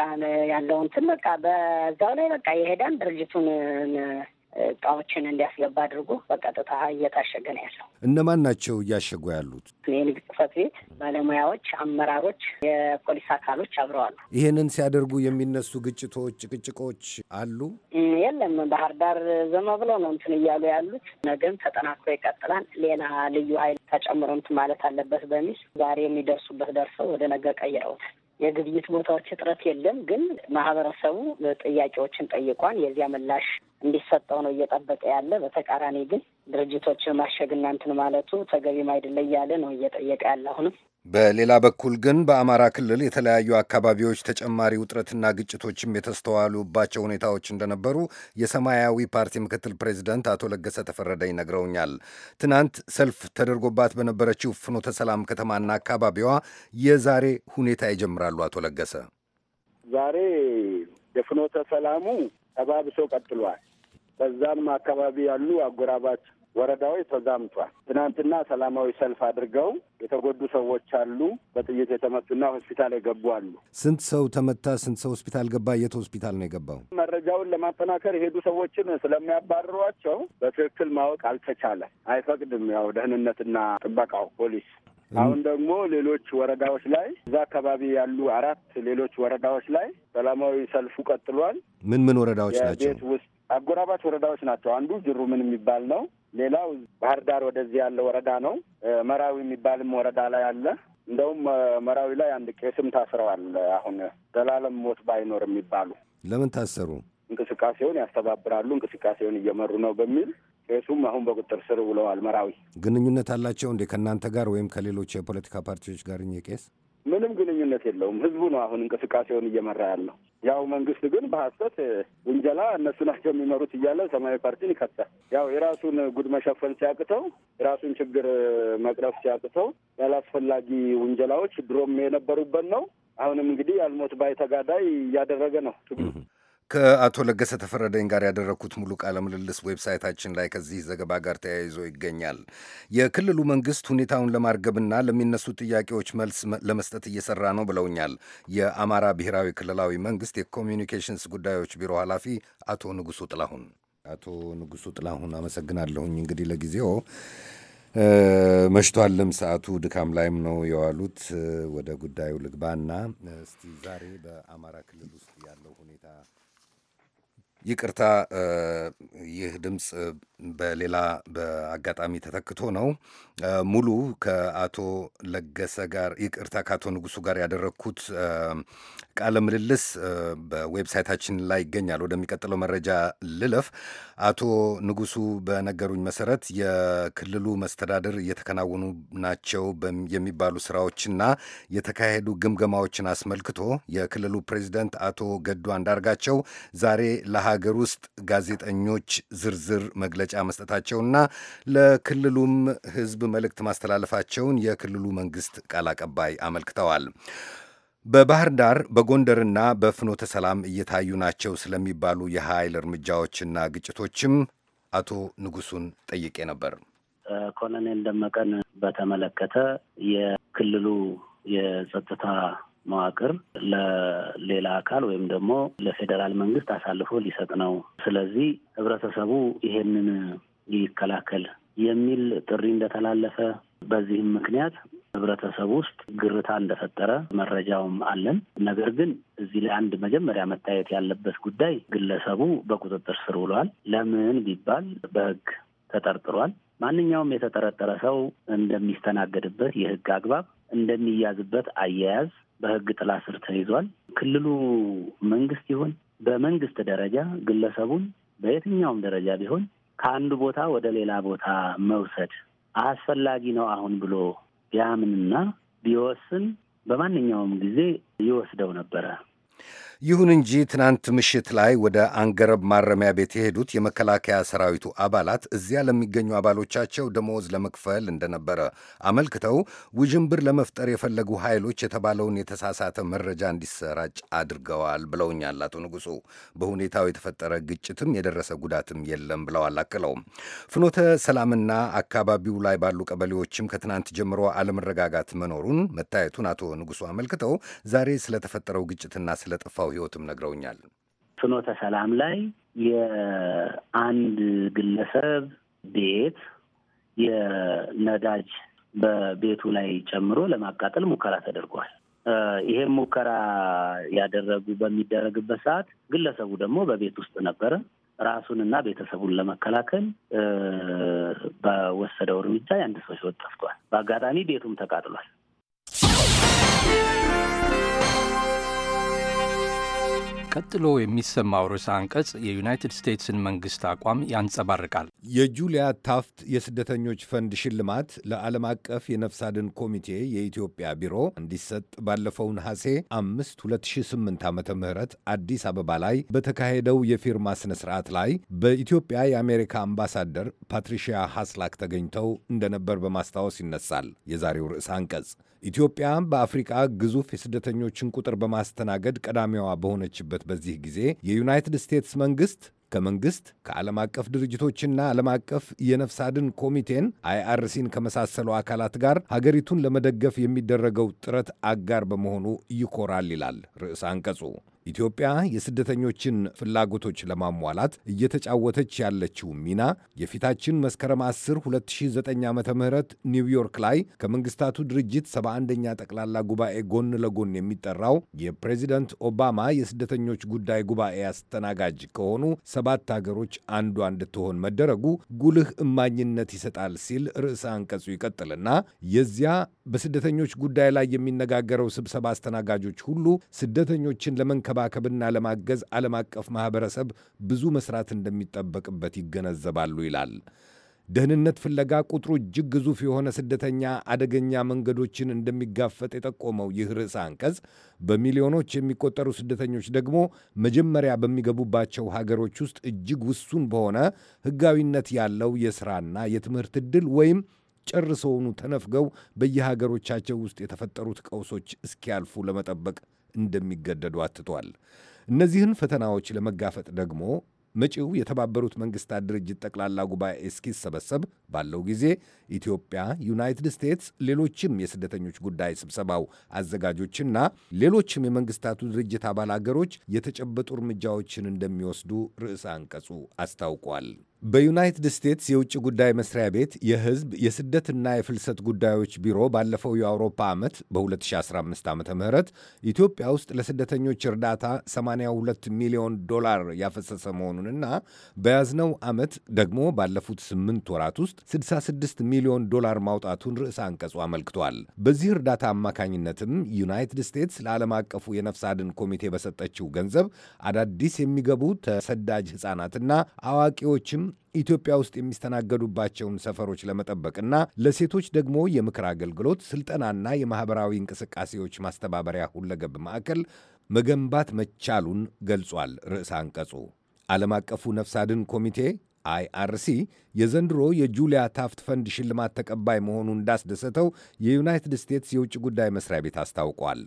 ያለውንትን በቃ በዛው ላይ በቃ የሄዳን ድርጅቱን እቃዎችን እንዲያስገባ አድርጎ በቀጥታ እየታሸገ ነው ያለው። እነማን ናቸው እያሸጉ ያሉት? የንግድ ጽሕፈት ቤት ባለሙያዎች፣ አመራሮች፣ የፖሊስ አካሎች አብረዋሉ። ይህንን ሲያደርጉ የሚነሱ ግጭቶች፣ ጭቅጭቆች አሉ? የለም። ባህር ዳር ዘመ ብለው ነው እንትን እያሉ ያሉት። ነገም ተጠናክሮ ይቀጥላል። ሌላ ልዩ ኃይል ተጨምሮ እንትን ማለት አለበት በሚል ዛሬ የሚደርሱበት ደርሰው ወደ ነገ ቀይረውታል። የግብይት ቦታዎች እጥረት የለም። ግን ማህበረሰቡ ጥያቄዎችን ጠይቋል። የዚያ ምላሽ እንዲሰጠው ነው እየጠበቀ ያለ። በተቃራኒ ግን ድርጅቶችን ማሸግ እናንትን ማለቱ ተገቢም አይደለ እያለ ነው እየጠየቀ ያለ አሁንም በሌላ በኩል ግን በአማራ ክልል የተለያዩ አካባቢዎች ተጨማሪ ውጥረትና ግጭቶችም የተስተዋሉባቸው ሁኔታዎች እንደነበሩ የሰማያዊ ፓርቲ ምክትል ፕሬዚደንት አቶ ለገሰ ተፈረደ ይነግረውኛል። ትናንት ሰልፍ ተደርጎባት በነበረችው ፍኖተ ሰላም ከተማና አካባቢዋ የዛሬ ሁኔታ ይጀምራሉ። አቶ ለገሰ ዛሬ የፍኖተ ሰላሙ ተባብሶ ቀጥሏል። በዛም አካባቢ ያሉ አጎራባች ወረዳዎች ተዛምቷል። ትናንትና ሰላማዊ ሰልፍ አድርገው የተጎዱ ሰዎች አሉ። በጥይት የተመቱና ሆስፒታል የገቡ አሉ። ስንት ሰው ተመታ? ስንት ሰው ሆስፒታል ገባ? የት ሆስፒታል ነው የገባው? መረጃውን ለማጠናከር የሄዱ ሰዎችን ስለሚያባርሯቸው በትክክል ማወቅ አልተቻለም። አይፈቅድም ያው ደህንነትና ጥበቃው ፖሊስ አሁን ደግሞ ሌሎች ወረዳዎች ላይ እዛ አካባቢ ያሉ አራት ሌሎች ወረዳዎች ላይ ሰላማዊ ሰልፉ ቀጥሏል። ምን ምን ወረዳዎች ናቸው? ቤት ውስጥ አጎራባች ወረዳዎች ናቸው። አንዱ ጅሩ ምን የሚባል ነው። ሌላው ባህር ዳር ወደዚህ ያለ ወረዳ ነው። መራዊ የሚባልም ወረዳ ላይ አለ። እንደውም መራዊ ላይ አንድ ቄስም ታስረዋል። አሁን ዘላለም ሞት ባይኖር የሚባሉ ለምን ታሰሩ? እንቅስቃሴውን ያስተባብራሉ፣ እንቅስቃሴውን እየመሩ ነው በሚል ቄሱም አሁን በቁጥር ስር ውለዋል። መራዊ ግንኙነት አላቸው እንዴ ከእናንተ ጋር ወይም ከሌሎች የፖለቲካ ፓርቲዎች ጋር? ቄስ ምንም ግንኙነት የለውም። ህዝቡ ነው አሁን እንቅስቃሴውን እየመራ ያለው። ያው መንግስት ግን በሀሰት ውንጀላ እነሱ ናቸው የሚመሩት እያለ ሰማያዊ ፓርቲን ይከታል። ያው የራሱን ጉድ መሸፈን ሲያቅተው፣ የራሱን ችግር መቅረፍ ሲያቅተው ያላስፈላጊ ውንጀላዎች ድሮም የነበሩበት ነው። አሁንም እንግዲህ ያልሞት ባይ ተጋዳይ እያደረገ ነው። ከአቶ ለገሰ ተፈረደኝ ጋር ያደረግኩት ሙሉ ቃለ ምልልስ ዌብሳይታችን ላይ ከዚህ ዘገባ ጋር ተያይዞ ይገኛል። የክልሉ መንግስት ሁኔታውን ለማርገብና ለሚነሱ ጥያቄዎች መልስ ለመስጠት እየሰራ ነው ብለውኛል የአማራ ብሔራዊ ክልላዊ መንግስት የኮሚኒኬሽንስ ጉዳዮች ቢሮ ኃላፊ አቶ ንጉሱ ጥላሁን። አቶ ንጉሱ ጥላሁን አመሰግናለሁኝ። እንግዲህ ለጊዜው መሽቷልም ሰዓቱ ድካም ላይም ነው የዋሉት። ወደ ጉዳዩ ልግባና እስቲ ዛሬ በአማራ ክልል ውስጥ ያለው ሁኔታ ይቅርታ ይህ ድምፅ በሌላ በአጋጣሚ ተተክቶ ነው። ሙሉ ከአቶ ለገሰ ጋር ይቅርታ፣ ከአቶ ንጉሱ ጋር ያደረግኩት ቃለ ምልልስ በዌብሳይታችን ላይ ይገኛል። ወደሚቀጥለው መረጃ ልለፍ። አቶ ንጉሱ በነገሩኝ መሰረት የክልሉ መስተዳድር እየተከናወኑ ናቸው የሚባሉ ስራዎችና የተካሄዱ ግምገማዎችን አስመልክቶ የክልሉ ፕሬዚደንት አቶ ገዱ አንዳርጋቸው ዛሬ ለሀገር ውስጥ ጋዜጠኞች ዝርዝር መግለጫ መግለጫ መስጠታቸውና ለክልሉም ሕዝብ መልእክት ማስተላለፋቸውን የክልሉ መንግስት ቃል አቀባይ አመልክተዋል። በባህር ዳር በጎንደርና በፍኖተ ሰላም እየታዩ ናቸው ስለሚባሉ የኃይል እርምጃዎችና ግጭቶችም አቶ ንጉሱን ጠይቄ ነበር። ኮሎኔል ደመቀን በተመለከተ የክልሉ የጸጥታ መዋቅር ለሌላ አካል ወይም ደግሞ ለፌዴራል መንግስት አሳልፎ ሊሰጥ ነው። ስለዚህ ህብረተሰቡ ይሄንን ይከላከል የሚል ጥሪ እንደተላለፈ በዚህም ምክንያት ህብረተሰቡ ውስጥ ግርታ እንደፈጠረ መረጃውም አለን። ነገር ግን እዚህ ላይ አንድ መጀመሪያ መታየት ያለበት ጉዳይ ግለሰቡ በቁጥጥር ስር ውሏል። ለምን ቢባል በህግ ተጠርጥሯል። ማንኛውም የተጠረጠረ ሰው እንደሚስተናገድበት የህግ አግባብ እንደሚያዝበት አያያዝ በህግ ጥላ ስር ተይዟል። ክልሉ መንግስት ይሁን በመንግስት ደረጃ ግለሰቡን በየትኛውም ደረጃ ቢሆን ከአንዱ ቦታ ወደ ሌላ ቦታ መውሰድ አስፈላጊ ነው አሁን ብሎ ቢያምንና ቢወስን በማንኛውም ጊዜ ይወስደው ነበረ። ይሁን እንጂ ትናንት ምሽት ላይ ወደ አንገረብ ማረሚያ ቤት የሄዱት የመከላከያ ሰራዊቱ አባላት እዚያ ለሚገኙ አባሎቻቸው ደሞዝ ለመክፈል እንደነበረ አመልክተው ውዥንብር ለመፍጠር የፈለጉ ኃይሎች የተባለውን የተሳሳተ መረጃ እንዲሰራጭ አድርገዋል ብለውኛል አቶ ንጉሱ። በሁኔታው የተፈጠረ ግጭትም የደረሰ ጉዳትም የለም ብለዋል። አክለውም ፍኖተ ሰላምና አካባቢው ላይ ባሉ ቀበሌዎችም ከትናንት ጀምሮ አለመረጋጋት መኖሩን መታየቱን አቶ ንጉሱ አመልክተው ዛሬ ስለተፈጠረው ግጭትና ስለጠፋው በሙያው ህይወትም ነግረውኛል። ፍኖተ ሰላም ላይ የአንድ ግለሰብ ቤት የነዳጅ በቤቱ ላይ ጨምሮ ለማቃጠል ሙከራ ተደርጓል። ይሄም ሙከራ ያደረጉ በሚደረግበት ሰዓት ግለሰቡ ደግሞ በቤት ውስጥ ነበረ። ራሱንና ቤተሰቡን ለመከላከል በወሰደው እርምጃ የአንድ ሰው ሕይወት ጠፍቷል። በአጋጣሚ ቤቱም ተቃጥሏል። ቀጥሎ የሚሰማው ርዕሰ አንቀጽ የዩናይትድ ስቴትስን መንግሥት አቋም ያንጸባርቃል። የጁሊያ ታፍት የስደተኞች ፈንድ ሽልማት ለዓለም አቀፍ የነፍስ አድን ኮሚቴ የኢትዮጵያ ቢሮ እንዲሰጥ ባለፈው ነሐሴ 5 2008 ዓመተ ምህረት አዲስ አበባ ላይ በተካሄደው የፊርማ ስነ ስርዓት ላይ በኢትዮጵያ የአሜሪካ አምባሳደር ፓትሪሺያ ሐስላክ ተገኝተው እንደነበር በማስታወስ ይነሳል የዛሬው ርዕሰ አንቀጽ። ኢትዮጵያ በአፍሪቃ ግዙፍ የስደተኞችን ቁጥር በማስተናገድ ቀዳሚዋ በሆነችበት ባለበት በዚህ ጊዜ የዩናይትድ ስቴትስ መንግሥት ከመንግሥት ከዓለም አቀፍ ድርጅቶችና ዓለም አቀፍ የነፍስ አድን ኮሚቴን አይአርሲን ከመሳሰሉ አካላት ጋር ሀገሪቱን ለመደገፍ የሚደረገው ጥረት አጋር በመሆኑ ይኮራል ይላል ርዕስ አንቀጹ። ኢትዮጵያ የስደተኞችን ፍላጎቶች ለማሟላት እየተጫወተች ያለችው ሚና የፊታችን መስከረም 10 2009 ዓ ም ኒውዮርክ ላይ ከመንግስታቱ ድርጅት 71ኛ ጠቅላላ ጉባኤ ጎን ለጎን የሚጠራው የፕሬዚደንት ኦባማ የስደተኞች ጉዳይ ጉባኤ አስተናጋጅ ከሆኑ ሰባት ሀገሮች አንዷ እንድትሆን መደረጉ ጉልህ እማኝነት ይሰጣል ሲል ርዕሰ አንቀጹ ይቀጥልና የዚያ በስደተኞች ጉዳይ ላይ የሚነጋገረው ስብሰባ አስተናጋጆች ሁሉ ስደተኞችን ለመንከባ ለማንከባከብና ለማገዝ ዓለም አቀፍ ማኅበረሰብ ብዙ መሥራት እንደሚጠበቅበት ይገነዘባሉ ይላል። ደህንነት ፍለጋ ቁጥሩ እጅግ ግዙፍ የሆነ ስደተኛ አደገኛ መንገዶችን እንደሚጋፈጥ የጠቆመው ይህ ርዕሰ አንቀጽ በሚሊዮኖች የሚቆጠሩ ስደተኞች ደግሞ መጀመሪያ በሚገቡባቸው ሀገሮች ውስጥ እጅግ ውሱን በሆነ ሕጋዊነት ያለው የሥራና የትምህርት ዕድል ወይም ጨርሰውኑ ተነፍገው በየሀገሮቻቸው ውስጥ የተፈጠሩት ቀውሶች እስኪያልፉ ለመጠበቅ እንደሚገደዱ አትቷል። እነዚህን ፈተናዎች ለመጋፈጥ ደግሞ መጪው የተባበሩት መንግስታት ድርጅት ጠቅላላ ጉባኤ እስኪሰበሰብ ባለው ጊዜ ኢትዮጵያ፣ ዩናይትድ ስቴትስ፣ ሌሎችም የስደተኞች ጉዳይ ስብሰባው አዘጋጆችና ሌሎችም የመንግስታቱ ድርጅት አባል አገሮች የተጨበጡ እርምጃዎችን እንደሚወስዱ ርዕሰ አንቀጹ አስታውቋል። በዩናይትድ ስቴትስ የውጭ ጉዳይ መስሪያ ቤት የህዝብ የስደትና የፍልሰት ጉዳዮች ቢሮ ባለፈው የአውሮፓ ዓመት በ2015 ዓ ም ኢትዮጵያ ውስጥ ለስደተኞች እርዳታ 82 ሚሊዮን ዶላር ያፈሰሰ መሆኑንና በያዝነው ዓመት ደግሞ ባለፉት 8 ወራት ውስጥ 66 ሚሊዮን ዶላር ማውጣቱን ርዕሰ አንቀጹ አመልክቷል። በዚህ እርዳታ አማካኝነትም ዩናይትድ ስቴትስ ለዓለም አቀፉ የነፍስ አድን ኮሚቴ በሰጠችው ገንዘብ አዳዲስ የሚገቡ ተሰዳጅ ሕፃናትና አዋቂዎችም ኢትዮጵያ ውስጥ የሚስተናገዱባቸውን ሰፈሮች ለመጠበቅና ለሴቶች ደግሞ የምክር አገልግሎት ስልጠናና የማኅበራዊ እንቅስቃሴዎች ማስተባበሪያ ሁለገብ ማዕከል መገንባት መቻሉን ገልጿል። ርዕሰ አንቀጹ ዓለም አቀፉ ነፍስ አድን ኮሚቴ አይአርሲ የዘንድሮ የጁሊያ ታፍት ፈንድ ሽልማት ተቀባይ መሆኑ እንዳስደሰተው የዩናይትድ ስቴትስ የውጭ ጉዳይ መስሪያ ቤት አስታውቋል።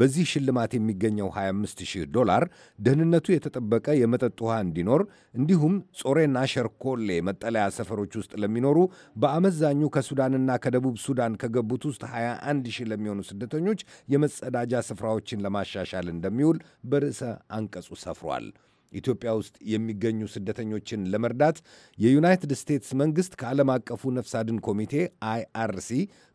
በዚህ ሽልማት የሚገኘው 25000 ዶላር ደህንነቱ የተጠበቀ የመጠጥ ውሃ እንዲኖር እንዲሁም ጾሬና ሸርኮሌ መጠለያ ሰፈሮች ውስጥ ለሚኖሩ በአመዛኙ ከሱዳንና ከደቡብ ሱዳን ከገቡት ውስጥ 21000 ለሚሆኑ ስደተኞች የመጸዳጃ ስፍራዎችን ለማሻሻል እንደሚውል በርዕሰ አንቀጹ ሰፍሯል። ኢትዮጵያ ውስጥ የሚገኙ ስደተኞችን ለመርዳት የዩናይትድ ስቴትስ መንግሥት ከዓለም አቀፉ ነፍስ አድን ኮሚቴ አይአርሲ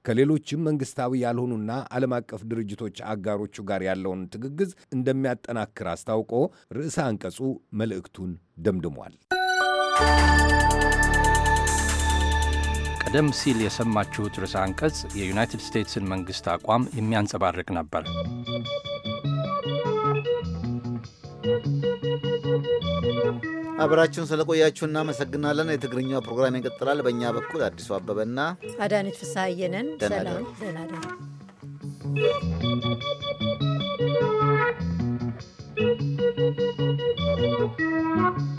ከሌሎችም መንግሥታዊ ያልሆኑና ዓለም አቀፍ ድርጅቶች አጋሮቹ ጋር ያለውን ትግግዝ እንደሚያጠናክር አስታውቆ ርዕሰ አንቀጹ መልእክቱን ደምድሟል። ቀደም ሲል የሰማችሁት ርዕሰ አንቀጽ የዩናይትድ ስቴትስን መንግሥት አቋም የሚያንጸባርቅ ነበር። አብራችሁን ስለቆያችሁ እናመሰግናለን። የትግርኛ ፕሮግራም ይቀጥላል። በእኛ በኩል አዲሱ አበበና አዳኒት ፍስሐየንን ሰላም you.